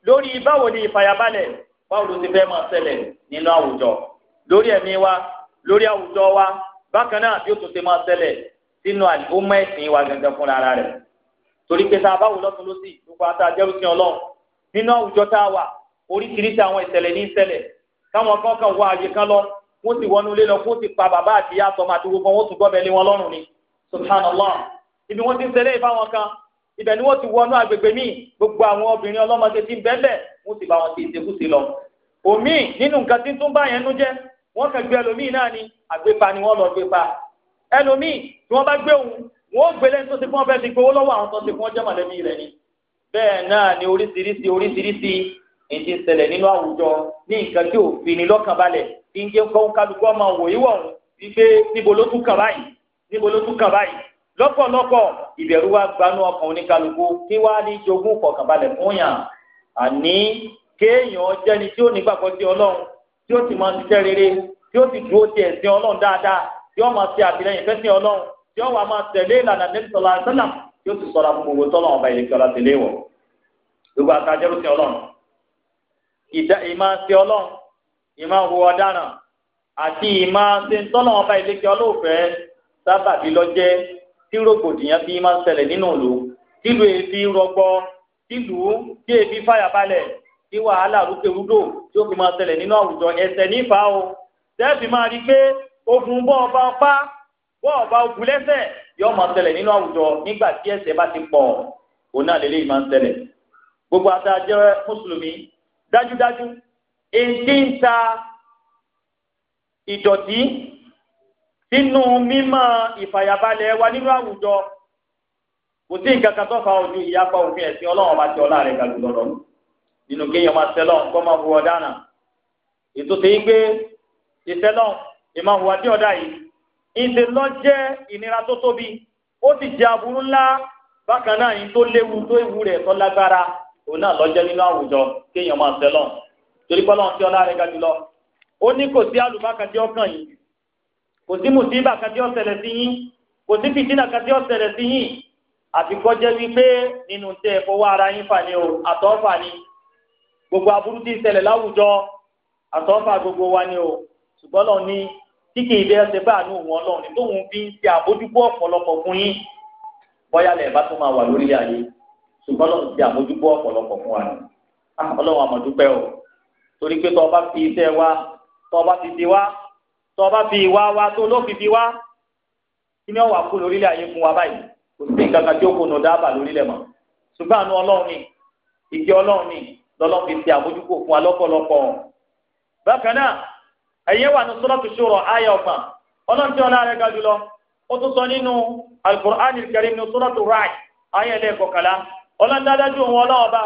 lórí báwo ni ìfàyàbalẹ̀ báwo ló ti fẹ́ máa ṣẹlẹ̀ nínú àwùjọ lórí ẹ̀mí wa lórí àwùjọ wa bákan náà bí ó tún ti máa ṣẹlẹ̀ sínú àlùmọ́ ẹ̀sìn wa gangan fúnra rẹ̀ torí pé tá a bá wò lọ́tún lọ́sì gbogbo ata jẹ́rùsìn ọlọ́run nínú àwùjọ tá a wà oríṣiríṣi àwọn ìṣẹ̀lẹ̀ ní ìṣẹ̀lẹ̀ káwọn kan kan wọ àyè kan lọ kó sì wọnú ilé lọ kó sì pa bàbá àti ìyá àtọmọ àti gbogbo wọn ó tún gbọ́bẹ̀ lé wọn lọ́rùn ni subhanallah ibi ni wọ́n ti wọnú agbègbè míì gbogbo àwọn obìnrin kàn gbé ẹlòmíì náà ni àgbépa ni wọ́n lọ gbépa ẹlòmíì tí wọ́n bá gbé òun wọ́n gbélé tó ti fún ọbẹ̀ ti gbowó lọ́wọ́ àwọn tó ti fún ọjọ́ mọ̀lẹ́bí rẹ̀ ni bẹ́ẹ̀ náà ni oríṣiríṣi oríṣiríṣi èdè ṣẹlẹ̀ nínú àwùjọ ní nǹkan tí ò fi ni lọ́kàn balẹ̀ kí n jẹ́ kọ́ kálukú ọmọ wòye wọ̀ wípé níbo ló tún kàn báyìí níbo ló tún kàn báyìí lọ́pọ̀lọpọ̀ ìbẹ̀rù wa gbanú ọkàn oníkálukú kí wàá ní jogún kọ̀kànbalẹ̀ fún yàn àní kéèyàn jẹ́ni tí ó nígbàgbọ́ sí ọlọ́run tí ó sì máa ṣiṣẹ́ rere tí ó sì dúró ti tí ó wà máa tẹ̀lé ìlànà nẹ́bí sọ̀rọ̀ àṣẹ́là yóò ti fún ọba ìlú ìjọba tẹ̀lé wọ̀ gbogbo àtàjẹ́rù sí ọlọ́run ìdá ìmá sí ọlọ́run ìmá hu ọ̀daràn àti ìmá sí tọ́lọ̀ ọba ìlú ìjọba olóòfẹ́ sábàbí lọ́jẹ́ tí rògbòdìyàn máa nínú rọgbọ tí èéfi fàyàbalẹ̀ tí wàhálà rúkèrúdò tí ó fi máa nínú àwùjọ ẹsẹ̀ nífà o tẹ́ẹ̀fì máa rí pé ogun bọ́ bọ́ọ̀ bá ogun lẹ́sẹ̀ yóò máa ṣẹlẹ̀ nínú àwùjọ nígbà tí ẹ̀ṣẹ̀ bá ti pọ̀ òun náà lélẹ́yìí máa ń ṣẹlẹ̀ gbogbo ata jẹ́ mùsùlùmí dájúdájú èdè ń ta ìdọ̀tí sínú mímọ́ ìfàyàbalẹ̀ wa nínú àwùjọ kò sí nǹkan kan tó fa ojú ìyapa òfin ẹ̀sìn ọlọ́run ọba tí ọlá rẹ̀ ga jù lọ́lọ́ nínú kéèyàn máa sẹ́lọ̀ kọ́ máa hu ọ̀daràn ètò tẹ́ pé ìsẹ́lọ̀ ìmáhùwà tí ọ̀dà yìí ìṣe lọ jẹ́ ìnira tó tóbi ó ti jẹ́ aburú ńlá bákan náà yìí tó léwu tó ewu rẹ̀ tó lágbára òun náà lọ́jẹ́ nínú àwùjọ kéèyàn máa tẹ́ lọ́n torí pé ọlọ́run tí ọlá rẹ̀ ga jùlọ ó ní kò sí àlùbákàtí ọkàn yìí kò sí mùsíbà kàtí ọ̀sẹ̀lẹ̀ sí yín kò sí fìtínà kàtí ọ̀sẹ̀lẹ̀ sí yín àti wípé nínú tẹ́ ẹ̀ fọwọ́ ara yín fà ní o àtọ́ fà ní gbogbo aburú tí ń láwùjọ àtọ́ fà gbogbo wa ní o ṣùgbọ́n lọ́ọ̀ ní tí kì í bẹ́ẹ̀ ṣe bá àánú òun ọlọ́run ní tóun fi ń ṣe àbójúkú ọ̀pọ̀lọpọ̀ fún yín bóyá lẹ̀ bá tó máa wà lórí ayé ṣùgbọ́n lọ́run ṣe àbójúkú ọ̀pọ̀lọpọ̀ fún wa ni ah, ọlọ́run àmọ̀dúpẹ́ o torí pé tọ́ba fi iṣẹ́ wa tọ́ba fi ti wa tọ́ba fi ìwà wa tó ló fi fi wa kí ni ọ̀wà kú lórílẹ̀ ayé fún wa báyìí kò sí nǹkan kan tí ó kò nù dáàbà lórílẹ̀ mọ́ ṣùgbọ́n àánú ọlọ́run ni ìjẹ́ ọlọ́run ni lọ́lọ́ fi ṣe àbójúkú fún wa lọ́pọ̀lọpọ̀ bákan náà ẹ̀yẹ́ wà ní sọ́lọ́tù ṣòro ayé ọgbọ̀n ọlọ́ntì ọlá rẹ̀ ga jùlọ ó tún sọ nínú alukur'an karim ní sọ́lọ́tù raj ayé ẹlẹ́kọ̀ọ́kàlá ọlọ́ntì adájú òun ọlọ́ọba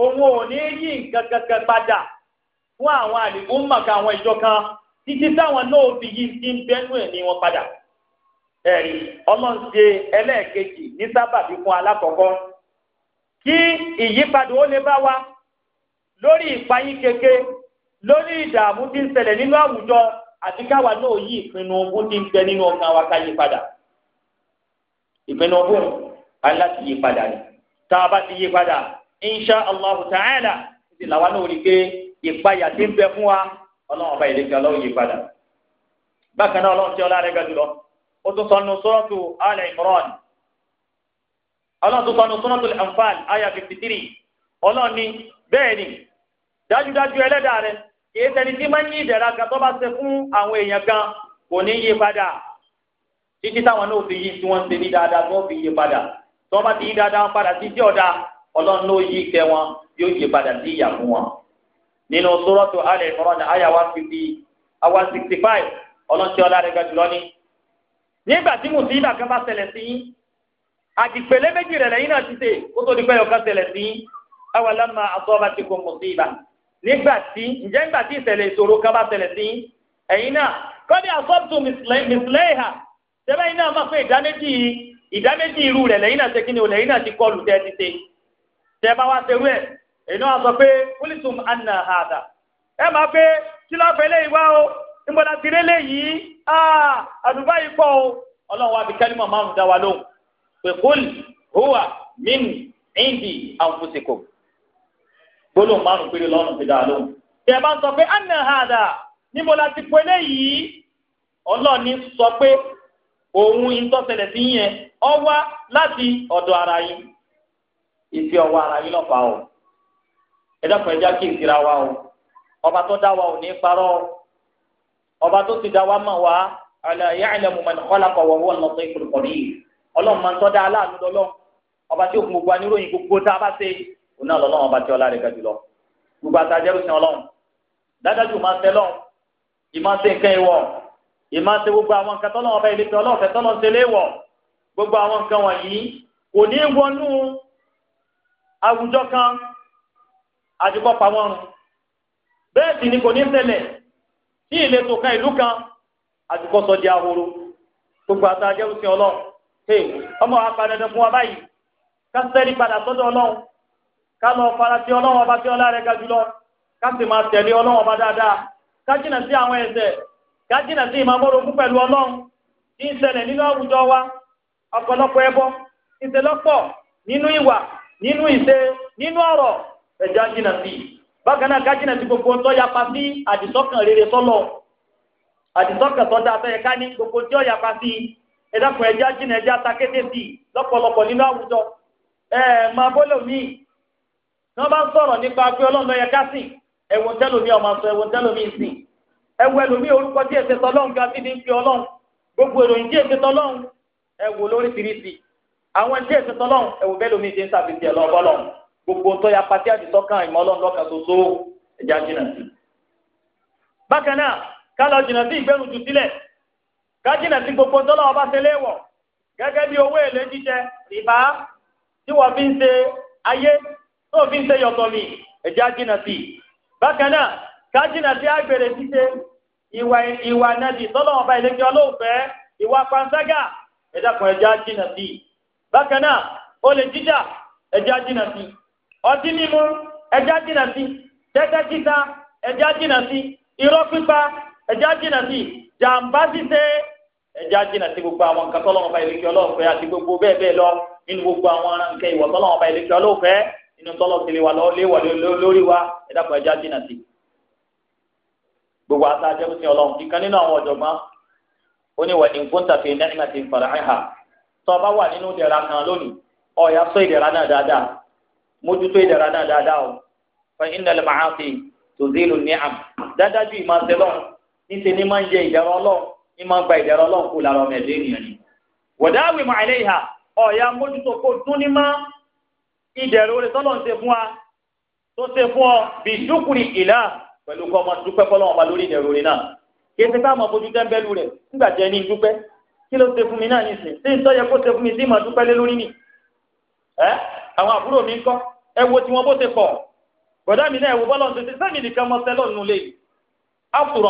òun ò ní yí nǹkan padà fún àwọn àlìkú màkà àwọn kan títí táwọn náà fi yí sí bẹ́nu ẹ̀ ní wọn padà ẹ̀rí ẹlẹ́ẹ̀kejì ní sábàbí fún alákọ̀ọ́kọ́ kí ìyípadà ó lè bá wa lórí ìpayín keke lórí ìdààmú tí ń ṣẹlẹ̀ nínú àwùjọ àti káwa náà yí ìpinnu tí bẹ nínú ọkàn wa ká yí padà ìpinnu ala aláti yí padà ni tá a ti yí padà insha allah ta'ala ti làwa náà rí i pé ìpayà tí ń bẹ fún wa ọlọ́run ọba ọlọ́run yí padà bákan náà ọlọ́run tí ọlá rẹ̀ ó tún sọ ọlọ́run tún sọ kìí ṣẹni tí máa ń yí ìdẹ̀ra kan tó bá ṣe fún àwọn èèyàn kan kò ní yí padà títí táwọn náà fi yí tí wọ́n ṣe ní dáadáa tí wọ́n fi yí padà tí wọ́n bá ti yí dáadáa padà sí ọ̀dà ọlọ́run ló yí kẹ wọn yóò yí padà sí ìyà fún wọn. nínú sórọ́tò alẹ́ ìmọ̀ràn àyà one fifty one sixty five ọlọ́run tí ọlá rẹ̀ ga jùlọ ní. nígbà tí mùsùlùmí kan bá ṣẹlẹ̀ sí yín àdìpẹ̀lẹ́ ti ṣe kó tó ṣẹlẹ̀ sí nígbà tí ǹjẹ́ nígbà tí ìṣẹ̀lẹ̀ ìṣòro kan bá ṣẹlẹ̀ sí ẹ̀yin náà kọ́ni àsọ́tún mìsìlẹ́hà ṣẹlẹ̀ yìí náà máa fẹ́ ìdáméjì ìdáméjì irú rẹ̀ lẹ́yìn náà ṣe kí ni o lẹ́yìn náà ti kọlù tẹ́ ti ṣe tẹ́ bá wá ṣerú ẹ̀ èyí náà sọ pé kúlìtùm anna hàdà ẹ máa pé kí ló fẹ́ léyìí wá o ìmọ̀lá ti rí léyìí ah, àdúgbò yìí pọ̀ o ọlọ́run wa bí kẹ́límọ̀ márùn-ún dá wa lóhùn pé kúl gbólóhùn márùn péré lọ́rùn ti dá lóhùn. ẹ bá ń sọ pé anna hada níbo la ti pè léyìí ọlọ́ọ̀ni sọ pé òun ìtọ́sẹ̀lẹ̀ sí yẹn wá láti ọ̀dọ̀ ara yín ìfi ọwọ́ ara yín lọ́fà o ẹ dákun wa o ọba tó dá wa ò ní parọ́ ọba tó ti dá wa mọ̀ ala ọlọ́run máa ń tọ́ da aláàánú ọba tí gbogbo tá a òun náà lọ́lọ́wọ́n bá tí ọlá rẹ̀ ga jùlọ gbogbo àtàjẹ́rù sin ọlọ́run dájájú máa tẹ lọ́run ìmọ̀ ṣe nǹkan ìwọ̀ ìmọ̀ ṣe gbogbo àwọn nǹkan tọ́lọ́wọ́n bá ilé tí ọlọ́ọ̀fẹ́ tọ́lọ́n ṣe léwọ̀ gbogbo àwọn nǹkan wọ̀nyí kò ní wọnú àwùjọ kan àdìpọ̀ pamọ́run bẹ́ẹ̀ sì ni kò ní ṣẹlẹ̀ ní ìletò kan ìlú kan àdìpọ̀ sọ di ahoro gbogbo àtàjẹ́rù sin ọlọ́run ọmọ apanẹ̀dẹ̀ fún wa báyìí kásẹ́rì padà sọ́dọ̀ ọlọ́run ká lọ farati ọlọ́run ọba tí ọlá rẹ̀ ga jùlọ ká sì máa tẹ̀lé ọlọ́run bá dáadáa ká sí àwọn ẹ̀ṣẹ̀ ká sí ìmọ̀mọ́rogún pẹ̀lú ọlọ́run tí ń nínú àwùjọ wa ọ̀pọ̀lọpọ̀ ẹbọ ìṣẹlọ́pọ̀ nínú ìwà nínú ìṣe nínú ọ̀rọ̀ ẹ̀já jìnà sí bákan náà ká jìnà sí gbogbo tó yapa sí àdìsọ́kàn rere sọ́lọ̀ àdìsọ́kàn tó dáa fẹ́ẹ́ ká ní gbogbo yapa sí ẹ̀dàkùn sí lọ́pọ̀lọpọ̀ nínú àwùjọ tí wọ́n bá ń sọ̀rọ̀ nípa pé ọlọ́run ló yẹ ká sìn ẹ̀wọ̀n tẹ́lómi ọmọ sọ ẹ̀wọ̀n tẹ́lómi sìn ẹ̀wọ̀ ẹlòmí orúkọ tí èsè tọ́lọ́run ga sí ní fi ọlọ́run gbogbo ìròyìn tí èsè tọ́lọ́run ẹ̀wọ̀ lóríṣiríṣi àwọn tí èsè tọ́lọ́run ẹ̀wọ̀ bẹ́ẹ̀ lómi ṣe ń sàfihàn ẹ̀ lọ́wọ́ lọ́run gbogbo tó ya pàtí àdìsọ́kàn ìmọ̀ ọlọ́run lọ́kàn ṣoṣo ẹ̀já jìnà sí. bákan náà kálọ̀ jìnà sí ìgbẹ́rù jù sílẹ̀ ká jìnà sí gbogbo tọ́lọ́wọ́ bá ṣe léèwọ̀ gẹ́gẹ́ tó fi ń ṣe yọ̀tọ̀ mi ẹ̀jẹ̀ ajínà sí i bákan náà kájínà sí àgbèrè ṣíṣe ìwà ìwà nàdì tọ́lọ̀ ọba ìlẹ́kẹ́ ọlọ́ọ̀fẹ́ ìwà panṣágà ẹ̀dá kan ẹ̀jẹ̀ ajínà sí i bákan náà olè jíjà ẹ̀jẹ̀ ajínà sí i ọtí mímu ẹ̀jẹ̀ ajínà sí i títa sí i pípa sí i jàǹbá sí gbogbo àwọn nǹkan tọ́lọ̀ ọba àti gbogbo lọ nínú gbogbo àwọn nǹkan ọba nínú tọ́lọ̀ sí wa léwà lórí wa ẹ dàpọ̀ ẹja jìnnà sí. gbogbo ata jẹ́ òsìn ọlọ́run ìkan nínú àwọn ọ̀jọ̀gbọ́n ó ní wà ní ti fara hàn ha tọ́ bá wà nínú ìdẹ̀ra kan lónìí ọ̀ya sọ ìdẹ̀ra náà dáadáa mójútó ìdẹ̀ra náà dáadáa o fẹ́ ìnàlẹ̀ màá fi tòzílù ní àm dáadáa ju ìmọ̀ àtẹ́lọ́ níṣẹ́ ní máa ń jẹ ìdẹ̀ra ọlọ́run ní máa ń gba ìdẹ̀ra ọlọ́run kó lára ọmọ ẹ̀dẹ́ ènìyàn ni wọ̀dáwìmọ̀ àìlẹ́yà ọ̀ya mójútó kó dún ní máa ìdẹ̀rù rẹ̀ tọ́lọ̀ ń ṣe fún wa tó ṣe fún ọ bí ṣúkúrì ìlà pẹ̀lú kọ́ ọmọ dúpẹ́ fọlọ́ ọba lórí ìdẹ̀rù rẹ̀ náà kí ẹsẹ̀ káàmọ̀ fojú tẹ́ńbẹ́lú rẹ̀ nígbà jẹ́ ní dúpẹ́ kí ló ṣe fún mi náà yìí sìn tí ìtọ́yẹ kó ṣe fún mi sí mà dúpẹ́ lé lórí nì ẹ́ àwọn àbúrò mi ń kọ́ ẹ wo tí wọ́n bó ṣe pọ̀ bọ̀dá mi náà ẹ wo bọ́lọ̀ ń ṣe nìkan mọ́ sẹ́lọ̀ nù lé ni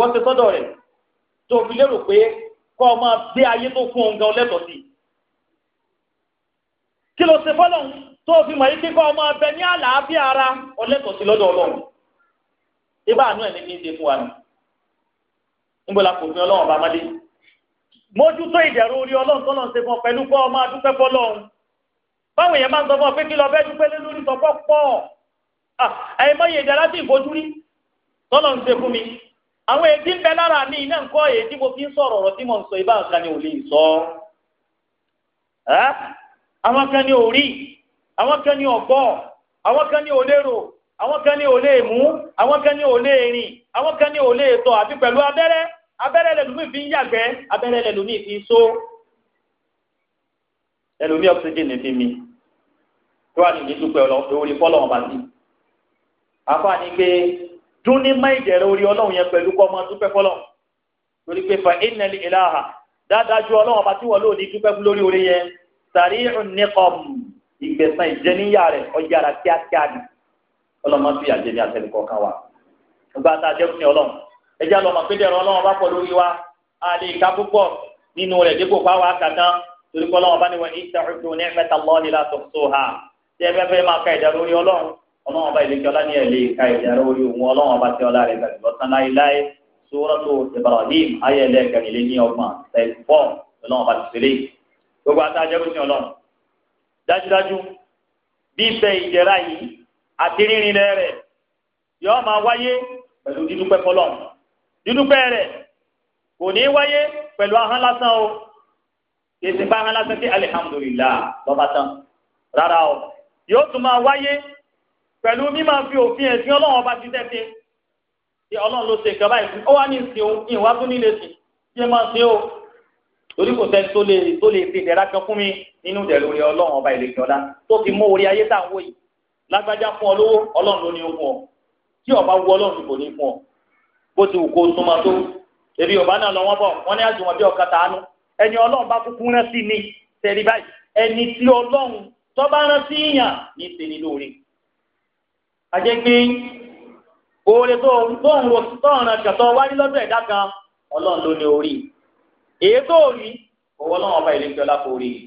wọ́n ṣe sọ́dọ̀ rẹ̀ tó fi lérò pé kọ́ ọ máa gbé ayé tó fún òun gan lẹ́tọ̀ọ́ sí i. kí ló ṣe fọ́lọ́run tó fi mọ̀ yí pé kọ́ ọ máa bẹ ní àlàáfíà ara ọlẹ́tọ̀ọ́ sí lọ́dọ̀ ọlọ́run. ibà àánú ẹ̀ ní kí n ṣe fún wa nù. níbo la kò fi ọlọ́run ọba mọ́lé. mójútó ìdẹ̀rù orí ọlọ́run tọ́lọ́ ṣe fún ọ pẹ̀lú kọ́ ọ máa dúpẹ́ fọ́lọ́run. báwo yẹn máa ń sọ fún ọ pé kí lọ bẹ́ẹ̀ dúpẹ́ àwọn èdè ń bẹ lára ní iná nǹkọ́ èdè mo fi ń sọ̀rọ̀ ọ̀rọ̀ tí mo ń sọ ibà nǹkan ni ò lè sọ àwọn kan ní ò àwọn kan ní ò àwọn kan ní ò àwọn kan ní ò àwọn kan ní ò àwọn kan ní ò àti tọ̀ àbí pẹ̀lú abẹ́rẹ́ abẹ́rẹ́ lẹ́lòmíì fi ń yàgbẹ́ abẹ́rẹ́ lẹ́lòmíì fi ń so ẹlòmíì oxygen ní fi mi tó wà ní ìdí dúpẹ́ ọlọ́wọ́ dún ní má ìdẹ̀rẹ̀ orí ọlọ́run yẹn pẹ̀lú kọ́ ọmọ dúpẹ́ fọlọ́ torí pé fa ìnẹ̀lì ìlàhà dáadájú ọlọ́run ọba tí wọ́n lò ní dúpẹ́ fún lórí orí yẹn sàrí ìrùnnìkọ̀m ìgbẹ̀sán ìjẹníyà rẹ̀ ọjàrà kíákíá ni ọlọ́mọ fi àjẹmí àtẹnukọ̀ kan wa. ìgbà tá a jẹ́ fún ọlọ́run ẹjẹ́ lọ́mọ pé dẹ̀rọ ọlọ́run bá pọ̀ lórí wa a lè ka púpọ̀ nínú rẹ̀ dípò pàwọ́ àkàtàn torí pé ọlọ́run bá wọn ìṣàkóso ọlọ́run ọba ìlẹ́kẹ́ ọlá ní ẹ̀lẹ́ ìka ìdára orí òun ọlọ́run ọba tí ọlá rẹ̀ gbàgbé lọ́sán láéláé sórọ́tò Ibrahim ayẹlẹ́ kẹrìnlẹ́ ní ọgbọ̀n thirty four ọlọ́run ọba ti ṣẹlẹ̀ gbogbo àtàjẹ́ bó ti ọlọ́run dájúdájú bí bẹ ìjẹ́ra yìí àti rínrin rẹ̀ yọ máa wáyé pẹ̀lú dídúpẹ́ fọlọ́ dídúpẹ́ rẹ̀ kò ní wáyé pẹ̀lú ahọ́n lásán o kèsì bá pẹ̀lú mímọ̀ fi òfin ẹ̀sìn ọlọ́run ọba ti tẹ́tẹ́ ṣe ọlọ́run ló ṣe nǹkan báyìí fún ó wá ní ìsìn òun ìwà tún nílé sí ṣé máa ṣe o torí kò sẹ́ni tó lè tó lè fi ìdẹ̀ra kan fún mi nínú ìdẹ̀rù orí ọlọ́run ọba ìlẹ̀kẹ̀ ọ̀la tó ti mú orí ayé táwọn yìí lágbájá fún ọ lówó ọlọ́run ló ní ó fún ọ tí ọba wú ọlọ́run kò ní fún ọ bó ti wù kó súnmọ́ tó ọba náà lọ wọ́n bọ̀ wọ́n ní àjùmọ̀ bí ọ̀kadà àánú ẹni ọlọ́run bá kúkú rán sí ni tẹ̀rí báyìí ẹni tí ọlọ́run tó bá rán sí yàn ní ìsinmi lóore ajẹ́ pé oore tó ń tó ń wo tọ́ọ̀ràn kẹtọ́ wáyé lọ́dọ̀ ẹ̀dá kan ọlọ́run ló ní orí èyí tó rí òwò ọlọ́run ọba ìlú ìjọba kò rí i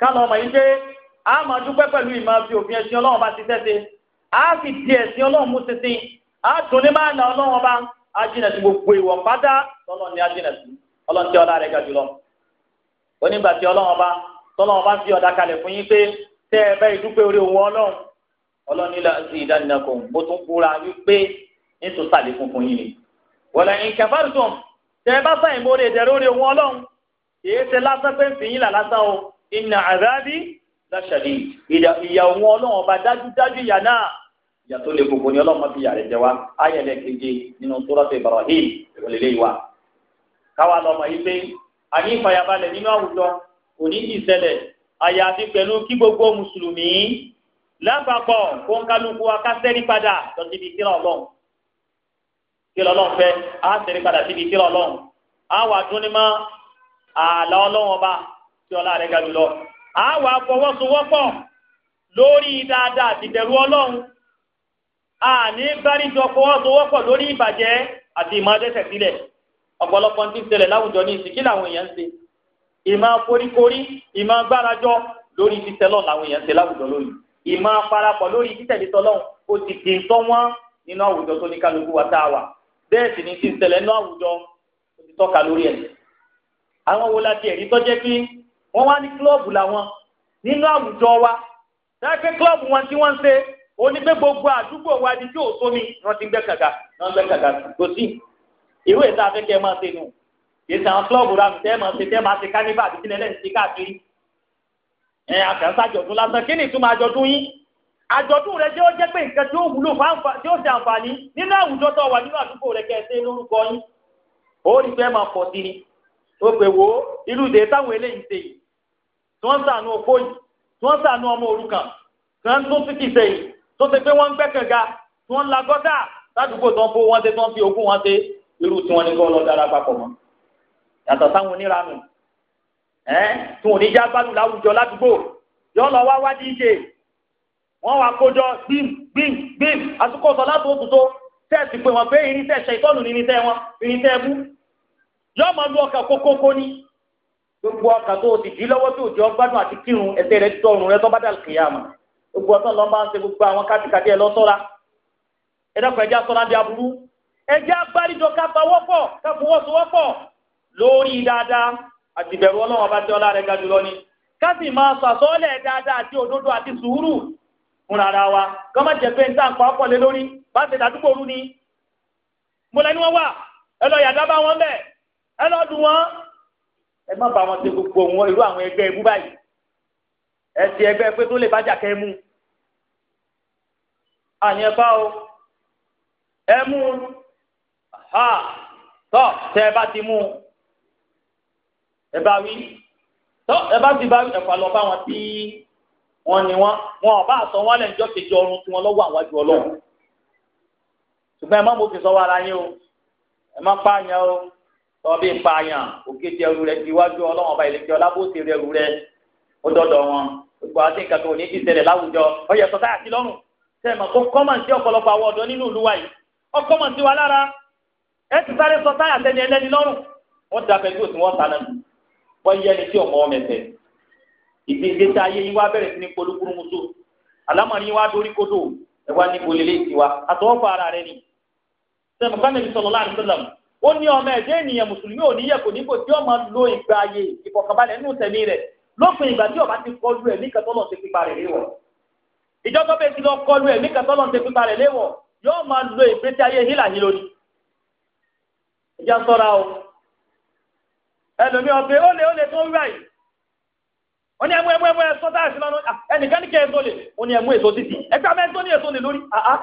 kálọ̀ ọmọ yìí pé a máa dúpẹ́ pẹ̀lú ìmọ̀ fi òfin ẹ̀sìn ọlọ́run bá ti tẹ́sẹ̀ a sì di ẹ̀sìn ọlọ́run mú títí a dùn ní máa na ọlọ́run ọba a jìnà sí gbogbo ìwọ pátá tọ́lọ́ ni a jìnà sí ọlọ́run tí ọlá rẹ̀ ga jùlọ. onígbà tí ọlọ́run ọba tọ́lọ́run ọba fi ọ̀dà kalẹ̀ fún yín pé tẹ́ ẹ ọlọ́nilá sí ìdánilẹ́kọ̀ọ́ mo tún kúra wípé nítorí sàlékún fún yín ni. wọ́n lẹ́yìn kẹfàrútùm tẹ́ ẹ bá fẹ́ ìmọ̀ọ́rẹ́ ìdẹ̀rẹ́ orí ohun ọlọ́run kìí ṣe lásán pé ń fi yín là lásán o ìnà àdábí lọ́sẹ̀lẹ̀ ìyà ohun ọlọ́run ọba dájúdájú ìyà náà ìyà tó le gbogbo ni ọlọ́run fi yà rẹ̀ jẹ wá ayẹlẹ̀ keje nínú tórọ́tò Ibrahim ìrọ̀lẹ́lẹ́ ìwà. káwa lọ́mọ yìí pé àní ìfàyàbalẹ̀ nínú àwùjọ òní ìṣẹ̀lẹ̀ àyàfi pẹ̀lú kí gbogbo mùsùlùmí lápapọ̀ kó ń kálukú wa ká sẹ́rí padà lọ síbi kíra ọlọ́run kíra ọlọ́run fẹ́ á sẹ́rí padà síbi kíra ọlọ́run á wà dún ní mọ́ ààlà ọlọ́run ọba tí ọlá rẹ̀ ga jùlọ á wà fọwọ́sowọ́pọ̀ lórí dáadáa àti ìbẹ̀rù ọlọ́run a ní báríjọ fọwọ́sowọ́pọ̀ lórí ìbàjẹ́ àti ìmọ̀ adẹ́sẹ̀ sílẹ̀ ọ̀pọ̀lọpọ̀ ti ń ṣẹlẹ̀ láwùjọ ní ìsìnkí làwọn èèyàn ń ṣe ìmọ̀ koríkorí ìmọ̀ gbárajọ lórí títẹ́lọ̀ làwọn èèyàn ń ṣe láwùjọ lónìí ìmọ̀ afárapọ̀ lórí títẹ̀lé tọ́lọ́hún ó ti di tọ́ wọ́n nínú àwùjọ tó ní kálukú wa tá a wà bẹ́ẹ̀ sì ni tí ń tẹ̀lé nínú àwùjọ ó ti tọ́ka lórí ẹ̀. àwọn wo la ti ẹ̀rí tọ́jẹ́ pé wọ́n wá ní kílọ́ọ̀bù làwọn nínú àwùjọ wa dáké kílọ́ọ̀bù wọn tí wọ́n ń ṣe ó ní pé gbogbo àdúgbò wa di tí ò sómi wọ́n ti ń gbẹ́ kàkà wọ́n gbẹ́ kàkà kò sí ìwé ìta afẹ́kẹ́ máa ṣe nù èsì àwọn ẹ àkànṣàjọ̀dún lásán kí ni ìtumọ̀ àjọ̀dún yín àjọ̀dún rẹ tí ó jẹ́ pé nǹkan tí ó wúlò tí ó ṣe àǹfààní nínú àwùjọ tó wà nínú àdúgbò rẹ kẹsẹ́ lórúkọ yín ó rí fẹ́ máa pọ̀ sí ni ó pè wò ó irú ìdè táwọn eléyìí ṣe yìí tí wọ́n ń sànú okó yìí tí wọ́n ń sànú ọmọ òrukàn tí wọ́n ń tún títì ṣe yìí tó ṣe pé wọ́n ń gbẹ́ kànga tí wọ́n ń la gọ́tà ládùúgbò tó ń fowó wọn ṣe tó ń fi ogún wọn ṣe irú tí wọ́n ní kọ́ lọ dára papọ̀ mọ́ yàtọ̀ sáwọn oníranù tí wọn ò ní já gbádùn láwùjọ ládùúgbò yọ lọ wá wá díje wọn wá kójọ gbìm gbìm gbìm àsìkò sọ láti òtútó tẹ́ẹ̀sì pé wọn pé irinṣẹ́ ṣe ìtọ́nù ní irinṣẹ́ wọn irinṣẹ́ ẹbú yọ máa lu ọkàn kókókó ní gbogbo ọkàn tó o ti dí lọ́wọ́ tó o jọ gbádùn àti kírun ẹsẹ̀ rẹ tọrùn rẹ tọ́ba dàlù kìyàmà gbogbo ọtọ́ lọ máa ń ṣe gbogbo àwọn kátikàdé ẹ lọ sọ́ra ẹ dẹ́kun ẹjẹ́ asọ́ra di aburú ẹjẹ́ abáríjọ ká pawọ́pọ̀ ká fọwọ́sowọ́pọ̀ lórí dáadáa àtìbẹ̀rù ọlọ́wọ́n bá tẹ́ ọlá rẹ̀ ga jùlọ ni ká sì máa sọ àsọ́ọ́lẹ̀ dáadáa àti òdodo àti sùúrù fún rárá wa kọ́ má jẹ́ pé ń tàn pa ọ̀pọ̀lẹ́ lórí bá ti dàdúgbò rú ni. mo lẹ́ni wọ́n wà ẹ lọ yàtọ̀ bá wọn bẹ̀ ẹ lọ dùn wọn. ẹ má bá wọn ṣe gbogbo wọn irú àwọn ẹgbẹ́ ẹbú báyìí ẹ ti ẹgbẹ́ pé tó lè bá jàkẹ́ mu. àyẹ̀ bá o ẹ mú tọ́ tẹ́ ẹ bá ti mú un ẹ bá wí tó ẹ bá ti bá wí ẹ̀fà lọ bá wọn tí wọ́n ní wọ́n wọn ọba àsọ wọn lẹ́nu jọ́ kejì ọrùn tí wọ́n lọ́wọ́ àwọn àjọ ọlọ́run ṣùgbọ́n ẹ má mọ̀ fi sọ́wọ́ ara yín o ẹ má pààyàn o tọ́bí pààyàn òkèjì ẹrù rẹ ti wájú ọlọ́run ọba ìlẹ̀kẹ́ ọlábòsí rẹ ẹrù rẹ ó dọ́dọ̀ wọn gbogbo àti nǹkan tó ní ti ṣẹlẹ̀ láwùjọ ọyẹ sọ́tà àti lọ́rùn sẹ́ẹ̀mọ̀ kó kọ́mọ̀ǹtì ọ̀pọ̀lọpọ̀ àwọn ọ̀dọ́ nínú ìlú wa yìí ọkọ́mọ̀ǹtì wa lára ẹ ti sáré sọ́tà àtẹni ẹlẹ́ni lọ́rùn wọ́n da pẹ̀lú òsì wọn sànà wọ́n yẹ ẹni tí ọmọ mẹsẹ̀ ìgbésẹ̀ ayé yín wá bẹ̀rẹ̀ sí ní polúkúrú muso àlámọ̀rí yín wá dorí kodò ẹ wá ní bolilé tiwa àtọwọ́fọ ara rẹ ni sẹ́mu kánẹ́bí sallallahu alaihi wasallam ó ní ọmọ ẹ̀dẹ́ ènìyàn mùsùlùmí ò ní yẹ kò ní kò tí ó máa lo ìgbà ayé ìfọ̀kànbalẹ̀ nínú tẹ̀mí rẹ̀ lópin ìgbà tí ọba ti kọlu ẹ̀ ní kẹtọ́lọ̀ ti pípa rẹ̀ léwọ̀ ìjọba bẹ́ẹ̀ ti lọ kọlu ẹ̀ ní kẹtọ́lọ̀ ti pípa rẹ̀ léwọ̀ yóò máa lo ìgbésí ayé hílàhílo ni. ìjà sọ́ra o ẹlòmí ọbẹ̀ ó lè ó lè tó ń ráyè ó ní ẹmú ẹmú ẹmú ẹsọ táyà sí lọ́nà ah, ẹnìkan ní kí ẹsọ lè ó ní ẹmú èso títì ẹgbẹ́ àmọ́ ẹsọ ní èso lè lórí àá ah, ah.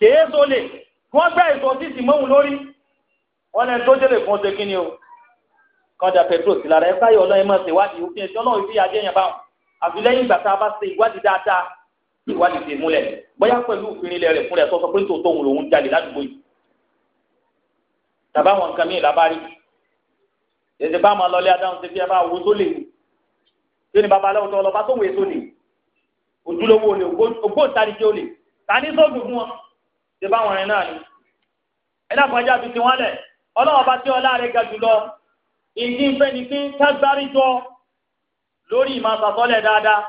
kèé èso lè wọ́n gbẹ́ èso títì mọ́hùn lórí wọ́n lẹ́nu tó délé fún ọ̀sẹ̀ kí ni o kọ́ńdà petrol sí lára ẹ̀fáyọ̀ ọlọ́yẹ máa ṣèwádìí òfin ẹ̀sìn ọlọ́run fi àjẹ́ yẹn báwọn àfi lẹ́yìn ìgbà tá a bá ṣe ìwádìí dáadáa ìwádìí ti múlẹ̀ bóyá pẹ̀lú òfin ilẹ̀ rẹ̀ fúnlẹ̀ sọ sọ pé tòótọ́ òun lòún jalè ládùúgbò yìí Taba wọn nǹkan míì lábárí èdè bá máa lọlé adáhùn ṣe fi ẹ máa wo tó lè tí ni bàbá aláwọ̀ tó ọlọ́ba tó wò èso lè ojúlówó olè ògbóǹtarìjì olè ta ní sóògùn fún wọn ṣe bá wọn rìn náà ni ẹ náà fọjá fi ti wọn lẹ ọlọ́wọ́ bá tí ọlá rẹ̀ ga jùlọ ìdí ń fẹ́ ni pé kágbárí jọ lórí ìmọ̀ àsàsọ́lẹ̀ dáadáa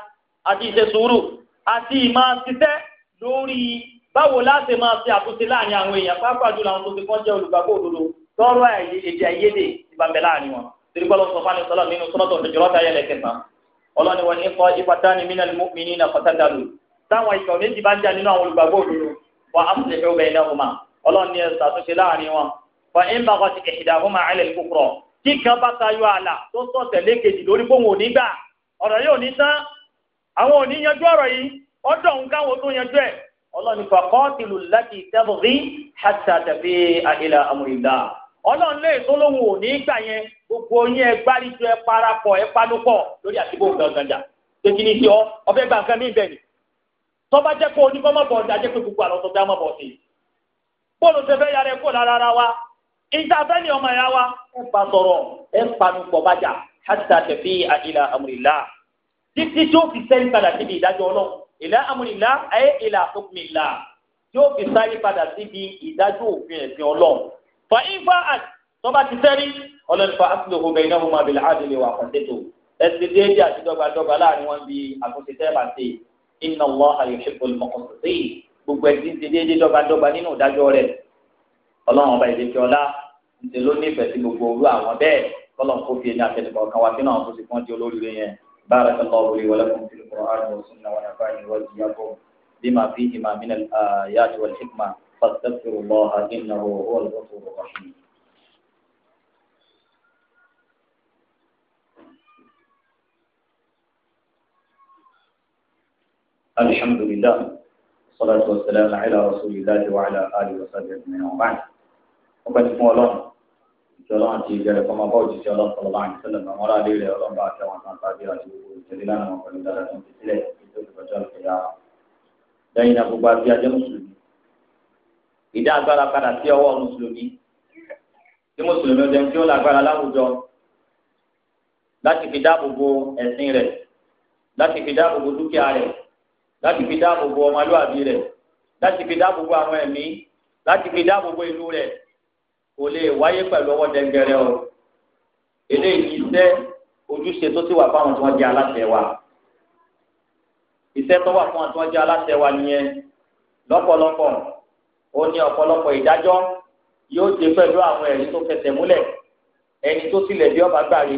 àti ìṣesùúrù àti ìmọ̀ àtisẹ́ lórí báwo láti máa ṣe àtúnṣe láàrin àwọn èèyàn pápá jùlọ àwọn tó ti kọ́ jẹ́ olùgbàgbọ́ òdodo tọrọ èdè àìyedè ti bá láàrin wọn torí pé ọlọ́sọ̀fà ni sọlá nínú sọ́dọ̀ ìjọba ta yẹlẹ kẹta ọlọ́ni wọn ní kọ́ ìpàtà ni mí nínú àpàtàdà lò táwọn ìkọ̀ méjì bá jà nínú àwọn olùgbàgbọ́ òdodo wọn á sì fẹ́ obìnrin náà wọn ọlọ́ni ẹ̀ ṣàtúnṣe láàrin wọn wọn ọlọ́ni fàkọ́tìlù láti tẹ́bùrí hatta tẹ̀fẹ́ àìlà amrillah ọlọ́run lè tó lóhùn ò ní gbà yẹn gbogbo yín ẹ gbáríjọ ẹ parapọ̀ ẹ panupọ̀ lórí àtibó gangan jà kékeré tí ọ ọbẹ̀ gbà nǹkan mí bẹ̀ ni tọ́ba jẹ́ kó oníkọ́ mọ̀ bọ̀ ọjà jẹ́ pé gbogbo àlọ́ tó dá mọ̀ bọ̀ sí i bóòlù tẹ fẹ́ yára ẹ kó lára ara wa ìta ọmọ ẹ̀yà wa ẹ bá sọ̀rọ̀ ẹ panupọ̀ bàjà hatta tẹ̀fẹ́ àìlà amrillah títí tó fi sẹ́yìn padà síbi ìdájọ́ ọlọ́run ìlà amúlìlá ayé ìlà àtúkùnmìlá yóò fi sáré padà síbi ìdájọ́ òfin ẹ̀sìn ọlọ́run fa ifá àti tọ́ba ti sẹ́rí ọlọ́run fa asluhu baynahuma bil adli wa qasitu ẹsẹ̀ déédé àti dọ́gbadọ́gba láàrin wọn bí àtúnṣe tẹ́lẹ̀ máa ṣe inna Allaha yuhibbul muqsitin gbogbo ẹ̀sìn ti déédé dọ́gbadọ́gba nínú ìdájọ́ rẹ̀ ọlọ́run ọba ìdèkè ọlá ǹjẹ́ ló nífẹ̀ẹ́ sí gbogbo òru àwọn bẹ́ẹ̀ kọ́lọ̀ القرآن والسنة ونفعني وإياكم بما فيهما من الآيات والحكمة فاستغفروا الله إنه هو الغفور الرحيم الحمد لله والصلاة والسلام على رسول الله وعلى آله وصحبه أجمعين وبعد وبعد فولون ìjọba àti ìgbẹ́ rẹ̀ kọ́mọ bá òjijì ọlọ́pàá bá ń sẹ́lẹ̀ mọ́ wọn láàlẹ́ rẹ̀ ọlọ́mọba àti àwọn àtàn tàbí àti gbogbo ìtẹ̀lé lánàá wọn pẹ̀lú dáadáa tó ń fi sílẹ̀ tó ti kọjá lọ́kẹ́ yá. lẹ́yìn náà gbogbo àti ajé mùsùlùmí ìdá agbára padà sí ọwọ́ mùsùlùmí tí mùsùlùmí ó dẹni tí ó lágbára láwùjọ láti fi dáàbò bo ẹ̀sìn rẹ̀ láti fi dáàbò bo dúkìá rẹ̀ láti kò lè wáyé pẹ̀lú ọwọ́ dẹ́gbẹ̀rẹ́ o eléyìí iṣẹ́ ojúṣe tó ti wà fáwọn tí wọ́n jẹ́ aláṣẹ wa iṣẹ́ tó wà fún àwọn tí wọ́n jẹ́ aláṣẹ wa nìyẹn lọ́pọ̀lọpọ̀ ó ní ọ̀pọ̀lọpọ̀ ìdájọ́ yóò dé pẹ̀lú àwọn ẹ̀rí tó fẹsẹ̀ múlẹ̀ ẹni tó tilẹ̀ bí ọba gbàre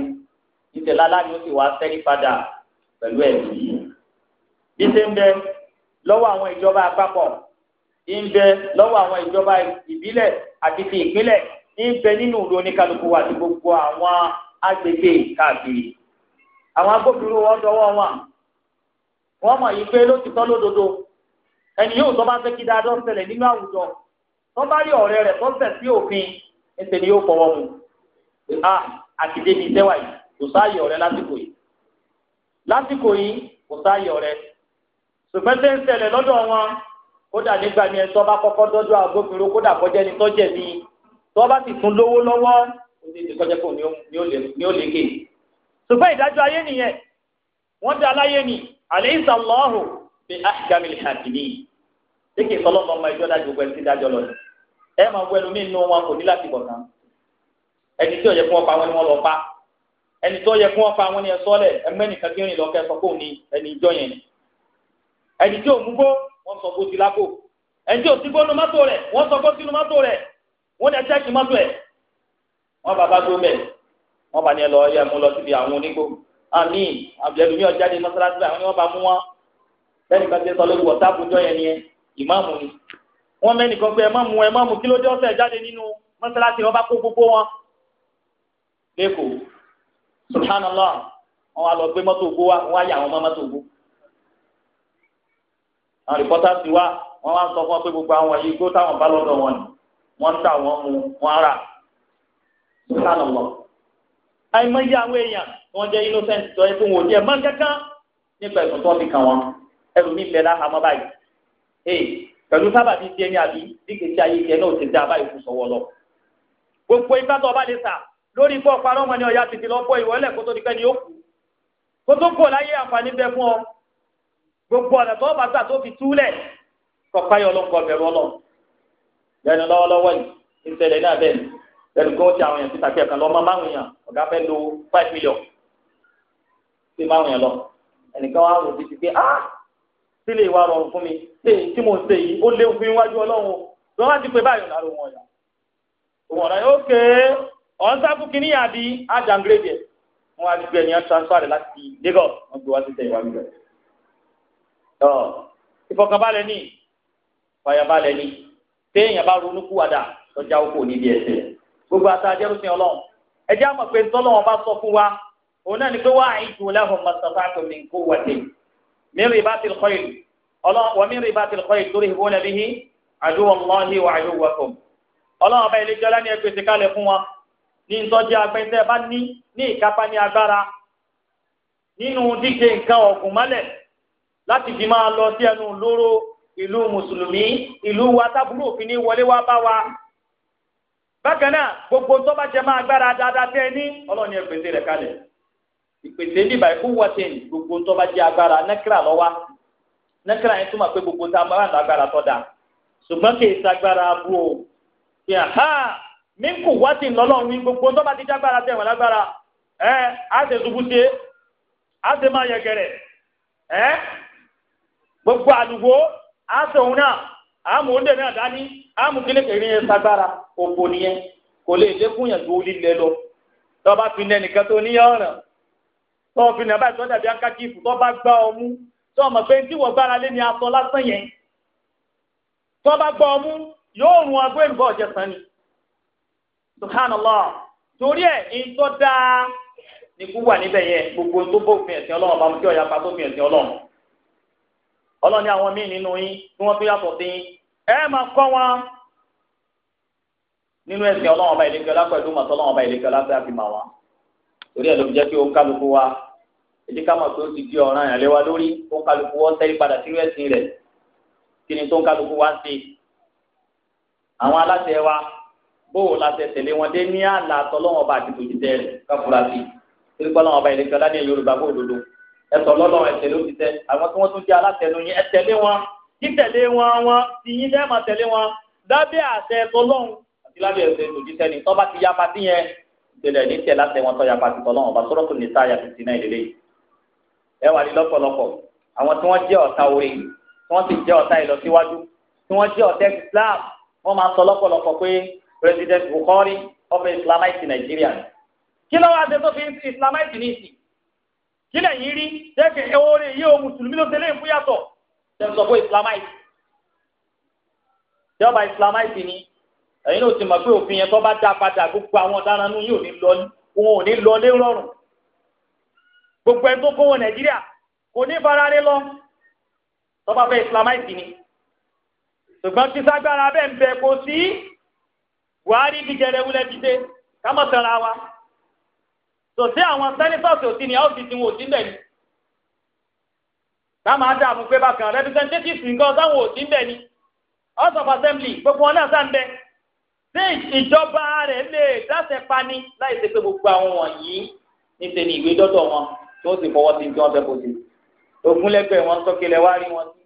ìtẹ̀lá láàyè ó sì wá sẹ́rí padà pẹ̀lú ẹ̀rí yìí bí ṣe ń bẹ lọ́wọ́ àwọn ìjọba àpapọ̀ ìbẹ lọ́wọ́ àwọn ìjọba ìbílẹ̀ àti ti ìpínlẹ̀ ìbẹ nínú ìlú oníkálukú àti gbogbo àwọn agbègbè káàkiri àwọn agbófinró wọn wọn wọn mọ̀ yìí pé lódodo ẹni yóò tọ́ bá fẹ́ kí dáadọ́ nínú àwùjọ tọ́ bá rí ọ̀rẹ́ tọ́ sẹ̀ sí òfin ẹsẹ̀ ni yóò fọwọ́ mu a wa kódà nígbà mi ẹ̀ tó bá kọ́kọ́ dọ́jú agbófinró kódà kọjá ẹni tó jẹ̀bi tó bá sì tún lówó lọ́wọ́ ó ti kọjá fún ní ó lékè. ṣùgbọ́n ìdájọ́ ayé nìyẹn wọ́n dá aláyé ni alaysa Allahu bi ahkamil hakimin lékè sọlọ́mọ ọmọ ìjọ dájú gbẹ sí dájọ́ lọ ẹ máa wọ ẹnu mí nù wọn kò ní láti bọ̀ kan ẹni tí ó yẹ fún ọ wọn ni wọn lọ pa ẹni tó yẹ fún ọ wọn ni ẹ sọ́ọ̀lẹ̀ ẹgbẹ́ nìkan kí rìn lọ kẹ́ sọ pé ni ẹni ìjọ yẹn ẹni tí ò mú gbó wọ́n sọ gbósí lápò ẹnjẹ òsì gbónú mọ́tò rẹ̀ wọ́n sọ gbósí nu mọ́tò rẹ̀ wọ́n dẹ ṣẹẹkì mọ́tò ẹ wọ́n bàbá tó mẹ wọ́n bá ní ẹ lọ yẹ mú lọ síbi àwọn onígbò àmì àbẹ̀lùmí ọjà ní mọ́sálásí àwọn ni wọ́n bá mú wọn lẹ́yìn kan ti sọ lórí wọ́táàpù jọ yẹn ni ẹ ìmáàmù ni wọ́n mẹ́nìkan pé ẹ má mu ẹ má mu kí ló dé ọ̀sẹ̀ jáde nínú mọ́sálásí wọ́n bá kó gbogbo wọn lẹ́kọ̀ọ́ subhanallah wọ́n wá lọ gbé mọ́tò ògbó wa wọ́n á yà àwọn mọ́tò ògbó àwọn rìpọ́tà ti wá wọ́n wá ń sọ fún wọn pé gbogbo àwọn yìí gbó táwọn bá lọ́dọ̀ wọn ni wọ́n ń tà wọ́n mu wọ́n rà sọ́kànà lọ. àìmọye àwọn èèyàn wọ́n jẹ́ innocent tó ẹ fún wọn ò jẹ́ mọ́ kankan nípa ẹ̀sùn tó fi kàn wọ́n ẹrù mi bẹ̀rẹ̀ àhámọ́ báyìí. ee pẹ̀lú sábà bíi tiẹ̀ ní àbí bí kèsì ayé tiẹ̀ náà ti dá báyìí fún sọ̀wọ́ lọ. gbogbo ìgbà tó ọba lè sà lórí ikú ọ̀pá ọmọ ni ọ̀yà tètè lọ́pọ̀ gbogbo ọ̀nà tó bá gbà tó fi túlẹ̀ kọ̀páyọ̀ ló ń kọ bẹ̀rù ọlọ́run lẹ́nu lọ́wọ́lọ́wọ́ yìí ìṣẹ̀lẹ̀ náà bẹ́ẹ̀ lẹ́nu kó ti àwọn èèyàn ti tàkì ẹ̀kan lọ máa máa wìyàn ọ̀gá fẹ́ lo five million ṣé máa wìyàn lọ ẹnìkan wá rò títí pé ah sílé ìwà rọrùn fún mi ṣé èyí tí mo ń ṣe yìí ó léwu fún iwájú ọlọ́run o lọ́wọ́ á ti pé báyìí ọ̀nà àròhùn ọ̀yà òun ọ̀nà yóò ké ọ̀n sáfù kìíní àbí àjàngrèdè wọn á ti gbé ẹ̀yàn transfer láti Lagos wọn gbé wá sí tẹ̀ ìwà mi bẹ̀rẹ̀ tọ ìfọkànbalẹ̀ ní fàyàbalẹ̀ ni? téèyàn bá ronú kúwàdà tọjá oko níbi ẹsẹ̀ gbogbo ata jẹrùsìn Ọlọ́run ẹjẹ àmọ́ pé ntọ́lọ́wọ́n bá sọ fún wa òun náà ni pé wàá ìjù lẹ́hùn mọ̀sánfà tó ní kó wọlé mírì bá ti kọ́ ìlú ọlọ́wọ́ mírì bá ti kọ́ ìlú torí ìwọ́n nàbí yìí àdúwọ̀ mọ́lẹ́ wà yóò wọ́pọ̀ ọlọ́wọ́n bá ilé jọlá ní ẹgbẹ́ ìsìnkálẹ̀ fún wa ní ntọ́jú agbẹ́ntẹ́ bá ní ní ìkápá ní agbára nínú díje nǹkan ọ̀gùn mọ́lẹ̀ láti fi máa lọ sí ẹnu lóró ìlú mùsùlùmí ìlú wa tábúrò òfin ní wọlé wá bá wa bákan gbogbo tó bá jẹ máa gbára dáadáa tẹ ẹ ní ọlọ́run ní rẹ̀ kalẹ̀ ìpèsè níbà ikú gbogbo tó bá jẹ agbára nẹ́kírà lọ́wọ́ nẹ́kírà yẹn pé gbogbo tá a máa ń lọ agbára tọ́ da ṣùgbọ́n kì í sagbára gbogbo àdúgbò àtọ̀hún náà àmú oúnjẹ náà dání àmú kíní kìíní yẹn sagbára òkò nìyẹn kò lè lékún yẹn tó lílẹ̀ lọ tọ́ba fi nẹ nìkan tó níyà ọ̀ràn tọ́ọ̀ fi nàbà tó dàbí akákìfù tọ́ba gbá ọmú tọ́ọ̀ pé tí wọ́n gbára lé ni aṣọ lásán yẹn tọ́ba gbá ọmú yóò rún agbó ìbọn ọ̀jẹ̀ sàn ni subhanallah torí ẹ̀ ìtọ́ dáa ni kú wà níbẹ̀ yẹn gbogbo tó bófin ẹ̀sìn ọlọ́run ẹ̀sìn ọlọ́run ọlọ́ni àwọn míì nínú yín tí wọ́n tún yàtọ̀ sí yín ẹ máa kọ́ wọn nínú ẹ̀sìn ọlọ́run ọba ìlẹ́kẹ́ ọlá pẹ̀lú màtọ́ ọlọ́run ọba ìlẹ́kẹ́ ọlá fẹ́ àfihàn wa torí ẹ̀ ló jẹ́ kí o kálukú wa èdè ká mọ̀ pé ó ti di ọ̀ràn yàn lé wa lórí ó kálukú wọ́n tẹ́lẹ̀ padà sínú ẹ̀sìn rẹ̀ kí ni tó ń kálukú wa ń ṣe àwọn aláṣẹ wa bó o la ṣe tẹ̀lé wọn dé ní àlà àtọ́lọ́wọ́n ọba àti tòjútẹ́ rẹ̀ káfúrásì torí ẹ̀tọ́ lọ́dọ̀ ẹ̀tẹ̀ ló fi tẹ àwọn tí wọ́n tún jẹ́ alátẹnu yín ẹ̀tẹ̀lé wọn títẹ̀lé wọn wọn ti yín dẹ́ máa tẹ̀lé wọn lábẹ́ àṣẹ tọlọ́hún àti lábẹ́ àṣẹ tòjíṣẹ́ ni tọ́ba ti yapa sí yẹn ìṣẹ̀lẹ̀ ní tiẹ̀ láti wọn tọ́ yapa sí tọlọ́hún ọba sọ́rọ́ tó ní sáyà fìtì náà ìdílé ẹ wà ní lọ́pọ̀lọpọ̀ àwọn tí wọ́n jẹ́ ọ̀tá orí tí wọ́n sì jẹ́ ọ̀tá ìlọsíwájú tí wọ́n jẹ́ ọ̀tá Islam wọ́n máa sọ lọ́pọ̀lọpọ̀ pé President Buhari ọmọ Islamite Nàìjíríà kí ló wá dé tó fi Islamite ní ìsìn kílẹ̀ yìí rí jẹ́kẹ̀ ẹ̀wọ́rẹ̀ yìí o mùsùlùmí ló ṣe léyìn fún yàtọ̀ ṣe ń sọ fún islamite ìjọba islamite ni ẹ̀yin ló ti mọ̀ pé òfin yẹn tó bá dá padà gbogbo àwọn ọ̀daràn nù yóò ní lọ wọn ò ní lọ lé rọrùn gbogbo ẹni tó kó wọn nàìjíríà kò ní fararé lọ tó bá fẹ́ islamite ni ṣùgbọ́n tí sagbára bẹ́ẹ̀ ń bẹ kò sí buhari ti jẹrẹ wúlẹ̀ dìde sẹ́ra wa tòsí àwọn sẹ́nitọ́ọ̀sì òsì ni ọ́fíìsì wọn òsì bẹ́ẹ̀ ni ká dá àmú pé bákan representatives nǹkan sáwọn òsì bẹ́ẹ̀ ni house of assembly gbogbo wọn náà sáà ń bẹ ṣé ìjọba rẹ̀ lè dáṣẹ pani láì ṣe pé gbogbo àwọn wọ̀nyí níṣẹ́ ni ìwé dọ́dọ̀ wọn tí sì fọwọ́ sí tí wọ́n fẹ́ bóde ògúnlẹ́gbẹ̀ẹ́ wọn sọ́kẹ́lẹ̀ wá rí wọn sí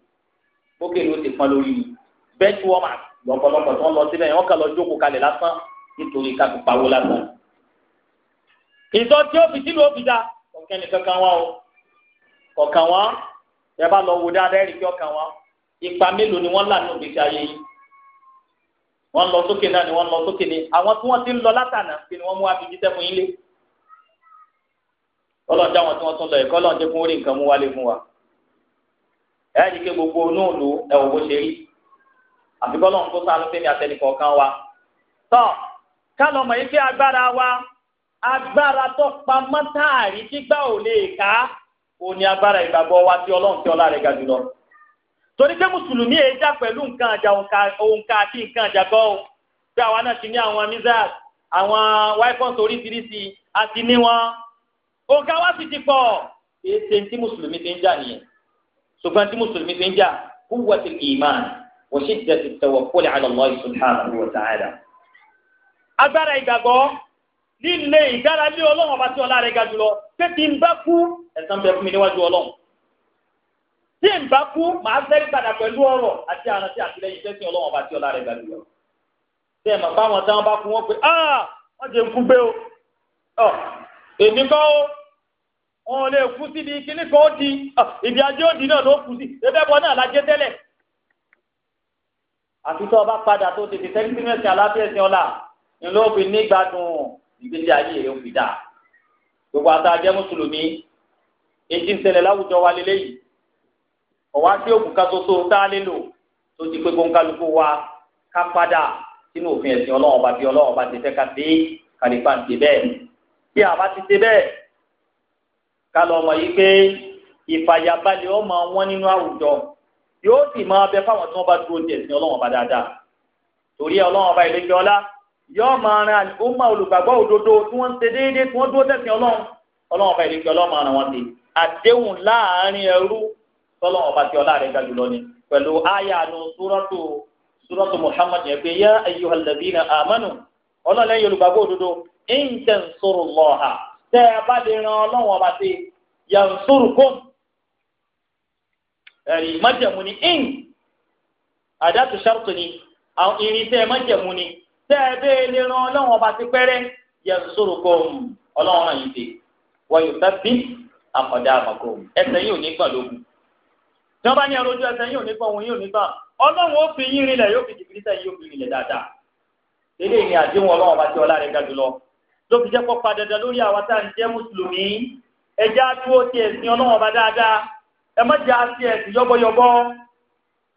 bókè ló ti pọn lórí bench warmer lọ́pọ̀lọpọ̀ tí wọ́n lọ síbẹ̀ wọ́n kà lọ jókòó kalẹ̀ lásán nítorí ká fi pawó lásán ìtọ́ tí ó fi sílùú òbí dá ọ̀kẹ́ nìkan kan wá o ọ̀kan wá ẹ bá lọ wo dáadáa ẹ̀rí kí ọ̀kan wá ipa mélòó ni wọ́n là nínú ìgbésí ayé yìí wọ́n lọ sókè náà ni wọ́n lọ sókè ni àwọn tí wọ́n ti ń lọ látànà kí ni wọ́n mú abidí sẹ́fún yín lé ọlọ́run dáwọn tí wọ́n tún lọ ẹ̀kọ́ ọlọ́run jẹ́ fún orí nǹkan mú wálé fún wa ẹ̀rí kí gbogbo onú òlu ẹ̀wọ̀ bó ṣe rí àfikọ́ ọlọ́run tó sánú sí ni àtẹnìkọ̀ọ̀kan wa tọ́ ká lọ mọ̀ yìí agbára tó pamọ́ táàrí gbígbà ò lè ká òun ni agbára ìgbàgbọ́ wa tí ọlọ́run tí ọlá rẹ̀ ga jùlọ. torí pé mùsùlùmí èyí jà pẹ̀lú nǹkan àjà òǹkà àti nǹkan àjà gan-an pé àwa náà ti ní àwọn missiles àwọn weapons oríṣiríṣi àti ní wọn. òǹkà wa sì ti pọ̀ èyí ṣe tí mùsùlùmí fi ń jà nìyẹn ṣùgbọ́n tí mùsùlùmí fi ń jà quwwatul iman wa shiddatit tawakkul ala Allah subhanahu wa ta'ala. agbára ìgbàgbọ́ líle ìdáralé ọlọ́run ọba tí ọlá rẹ̀ ga jùlọ pé tí n bá kú ẹ̀san bẹ fún mi níwájú ọlọ́run tí n bá kú màá fẹ́ gbàdà pẹ̀lú ọ̀rọ̀ àti àrántí àtìlẹ́yìn tẹ́sí ọlọ́run ọba tí ọlá rẹ̀ ga jùlọ. ṣé ẹ mọ̀ pé táwọn bá kú wọ́n pé ah wọ́n jẹ́ ń kú gbé o ọ̀ èmi kọ́ o wọn ò lè kú síbi kíní kan ó di ìdí ajé òdì náà ló kú sí ebẹ́ bọ́ náà lájẹ́ tẹ́lẹ̀ àfi tó ọba padà tó tètè tẹ́lifíńsì ìgbésí ayé rẹ̀ ń fi dáa gbogbo àtà jẹ́ mùsùlùmí etí ń ṣẹlẹ̀ láwùjọ wa lélẹ́yìí ọ̀wá tí òkú ká soso tá a lè tó ti pé kóńkálukú wa ká padà sínú òfin ẹ̀sìn ọlọ́run ọba bí ọlọ́run ọba ti fẹ́ ká dé kàlífà ń ṣe bẹ́ẹ̀ bí àbá ti ṣe bẹ́ẹ̀ ká lọ mọ̀ yìí pé ìfàyàbalẹ̀ ọmọ wọn nínú àwùjọ yóò sì máa bẹ fáwọn tí wọ́n bá dúró ti ẹ̀sìn ọlọ́run ọba dáadáa torí ọlọ́run ọba ìlẹ́gbẹ́ ọlá yóò máa ran àlùkòmà olùgbàgbọ́ òdodo tí wọ́n ń ṣe déédéé tí wọ́n dúró tẹ̀sìn ọlọ́run ọlọ́run ọba ìlẹ́kẹ́ ọlọ́run ara wọn ti àdéhùn láàárín ẹrú tọ́lọ́run ọba ti ọlá rẹ̀ ga jùlọ ni pẹ̀lú àyà àánú súrọ́tù súrọ́tù Muhammad yẹn pé yá ayyuhal ladina amanu ọlọ́lẹ́yìn olùgbàgbọ́ òdodo in tansurullaha tẹ́ ẹ bá lè ran ọlọ́run ọba ti yansurukum ẹ̀rí májẹ̀mú ni in àdàtú ni irinṣẹ́ májẹ̀mú ni tẹ́ ẹ bẹ́ẹ̀ lè ran ọlọ́run ọba ti pẹ́rẹ́ yẹ̀sùsòrò kọ́ọ̀mù ọlọ́run náà yìí dé wọ́n yóò fẹ́ bí àkọ́dá àmọ́kọ́ ẹsẹ̀ yìí ò ní gbọ̀n lógun tí wọ́n bá ní ẹrọ ẹsẹ̀ yìí ò ní gbọ̀n òun yìí ò ní gbọ̀n ọlọ́run ó fi yín rinlẹ̀ yóò fi jìbìrì sẹ́yìn yóò fi rinlẹ̀ dáadáa eléyìí ni àdéhùn ọlọ́run ọba tí ọlá rẹ̀ ga jùlọ ló fi jẹ́ pọ́pá dandan lórí àwa tá à ń jẹ́ mùsùlùmí ẹja dúró ti ẹ̀sìn ọlọ́run ọba dáadáa ẹ má jẹ́ àti ẹ̀sìn yọ́bọ̀yọ́bọ̀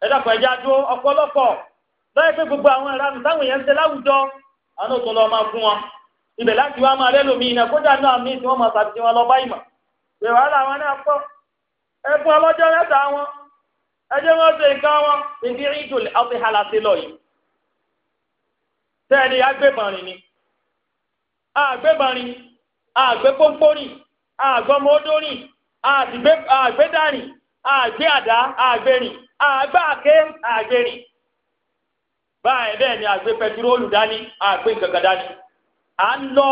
ẹ dàpọ̀ ẹja dúró ọ̀pọ̀lọpọ̀ lọ́yẹ́ pé gbogbo àwọn ìranù táwọn èèyàn ń ṣe láwùjọ àwọn òtún lọ́ọ́ máa fún wọn ibẹ̀ láti wá máa rẹ́lòmí iná kódà náà míì tí wọ́n máa tàbí wọn lọ bá ìmọ̀ pé wàhálà wọn náà pọ̀ ẹkún ọlọ́jọ́ mẹ́ta wọn ẹjẹ́ wọn ṣe nǹkan wọn ìdí ìdùn ọtí halasi lọ yìí tẹ́ẹ̀ni agbébọnrin ni agbébọnrin agbépónpórìn agbọmọdórìn àgbédàrìn àgbé àdá àgbérìn àgbáàké àgbérìn. báyìí bẹ́ẹ̀ ni àgbé pẹtiróòlù dání àgbé nǹkankan dání à ń lọ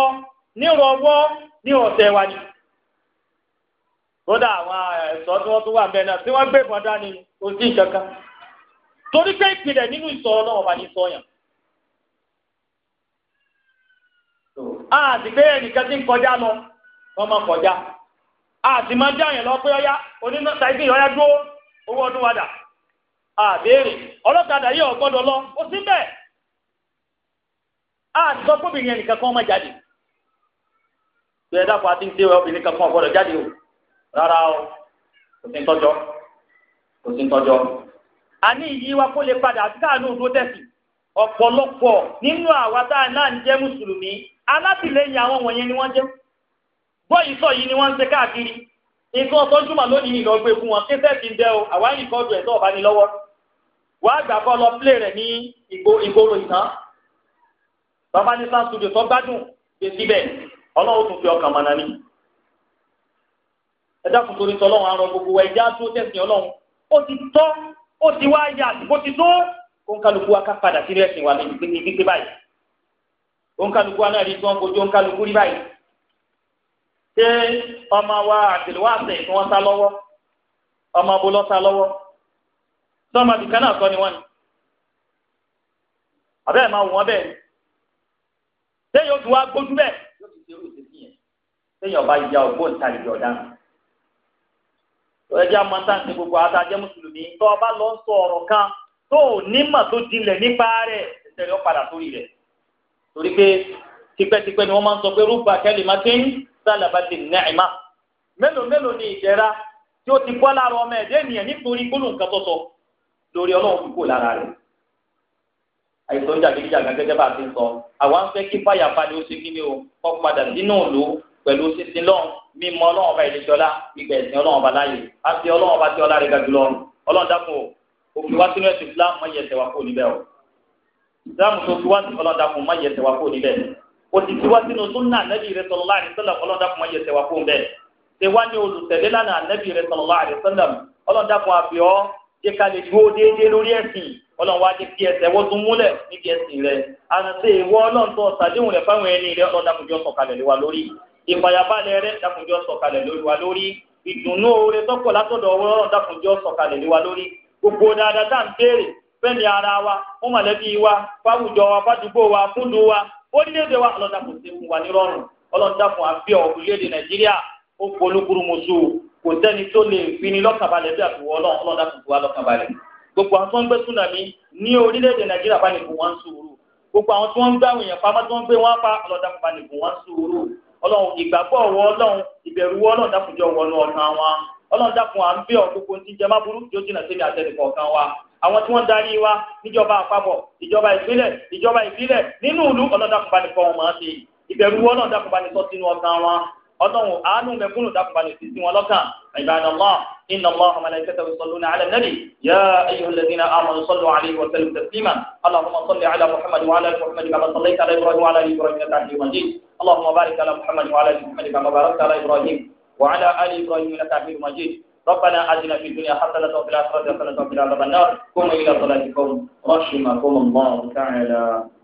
nírọ̀wọ́ ní ọ̀sẹ̀ wa ni. kódà àwọn eh, ẹ̀sọ́ tí wọ́n tún wà bẹ́ẹ̀ náà tí wọ́n gbé ìbọn dání kò sí torí pé ìpìlẹ̀ nínú ìsọ̀rọ̀ náà wà ní sọ̀yàn. àtìgbé ẹnìkan ti ń kọjá lọ wọ́n máa kọjá àtìmọ́jà yẹn lọ pé ọyá onínáṣà ibi ìyọ́yá dúró owó ọdún wa dà. àbẹ́rẹ́ ọlọ́kadà yìí ọ̀gbọ́dọ̀ lọ ó sí bẹ́ẹ̀ a ti sọ pébìnrin ẹnìkan kan máa jáde ìrẹ̀ dàpọ̀ àti ìṣe obìnrin kan kan jáde o rárá o kò sí tọ́jọ́ kò a ní ìyí wa kó lè padà àti tẹ̀sí ọ̀pọ̀lọpọ̀ nínú àwa tá a náà ń jẹ́ mùsùlùmí wọ́n jẹ́ sọ yìí ni wọ́n ń ṣe káàkiri nǹkan lónìí fún wọn kí sẹ́ẹ̀tì ń o àwa wàá gbà bọ́ lọ play rẹ̀ ní ìgboro ìtàn bàbá ní sáà studio tó gbádùn ṣe síbẹ̀ ọlọ́run tún fi ọkàn mọ̀nà ni ẹ dákun torí tọ́ ọlọ́run arọ gbogbo wa ẹja tó tẹ̀sìn ọlọ́run ó ti tọ́ ó ti wá yà àsìkò ti tó kó wa ká padà sí rẹ̀sìn wa ní gbígbé báyìí kó ń kálukú wa náà rí tí wọ́n kojú ó ń kálukú rí báyìí ṣé ọmọ wa àtìlúwàsẹ̀ tí wọ́n lọ́wọ́ ọmọ bo lọ́wọ́ sọ́mọ bìkan náà sọ ni wọ́n ni àbẹ́ẹ̀ máa wọ́n bẹ́ẹ̀ sẹ́yìn oṣù wa gbójú bẹ́ẹ̀ yóò ti ọba ìyá gbogbo àtàjẹ́ mùsùlùmí ọba lọ sọ ọ̀rọ̀ kan tó ò tó dilẹ̀ nípa rẹ̀ torí pé tipẹ́tipẹ́ ni wọ́n máa sọ pé rúbà kẹ́lì ń tí ó ti lára ọmọ ẹ̀dẹ́ ènìyàn nítorí lórí ọlọ́run kúkú lára rẹ̀ àìsàn jàgídíjàgà gẹ́gẹ́ bá a ti sọ àwa ń fẹ́ kí fàyàbalẹ̀ ó kí o kọ́ padà sínú pẹ̀lú sísin lọ́n mímọ ọlọ́run ọba ìdíjọ́lá gbígbà ẹ̀sìn ọlọ́run ọba láàyè á fi ọlọ́run ọba ọlá rẹ̀ ọlọ́run dákun o òfin wá sínú ẹ̀sìn Islam kó níbẹ̀ o Islam tó fi wá sí ọlọ́run dákun kó níbẹ̀ o ti fi wá sínú jẹ́ ká lè dúró déédéé lórí ẹ̀sìn ọlọ́run wá jẹ́ kí ẹsẹ̀ wọ́n tún múlẹ̀ níbi ẹ̀sìn rẹ̀ àti ìwọ ọlọ́run tó ṣàdéhùn rẹ̀ fáwọn ẹni rẹ̀ ọlọ́run dákunjọ́ sọ̀kalẹ̀ lé wa lórí ìpayàbálẹ̀ rẹ̀ dákunjọ́ sọ̀kalẹ̀ lórí wa lórí ìdùnnú oore tọ́pọ̀ látọ̀dọ̀ ọlọ́run dákunjọ́ sọ̀kalẹ̀ lé wa lórí gbogbo dáadáa tá à ń béèrè ara wa fún mọ̀lẹ́bí wa fáwùjọ wa wa wa ó polúkúrú musu kò tẹni tó lè fini lọ́kànbalẹ̀ bí àtúwọ́ ọlọ́run ọlọ́dà tó wá lọ́kànbalẹ̀ gbogbo àwọn tó ń gbé súnàmì ní orílẹ̀-èdè nàìjíríà bá lè fún wọn sùúrù gbogbo àwọn tó ń gbá àwọn èèyàn tó ń gbé wọn pa ọlọ́dà kò bá lè wọn sùúrù ọlọ́run ìgbàgbọ́ ọlọ́run ìbẹ̀rù ọlọ́run wọnú ọ̀kan ọlọ́run à ń bí ọlọ́run àánú mẹ̀kúnnù dákùnbalẹ̀ sí wọn lọ́kàn ibadallah inna Allaha wa malaikatahu yusalluna ala nabi ya ayyuhalladhina amanu sallu alayhi wa sallimu taslima allahumma salli ala muhammad wa ala ali muhammad kama sallaita ala ibrahim wa ala ali ibrahim innaka hamidun majid allahumma barik ala muhammad wa ala ali muhammad kama barakta ala ibrahim wa ala ali ibrahim innaka hamidun majid ربنا آتنا في الدنيا حسنة وفي الآخرة حسنة وقنا عذاب النار قوموا إلى صلاتكم رحمكم الله تعالى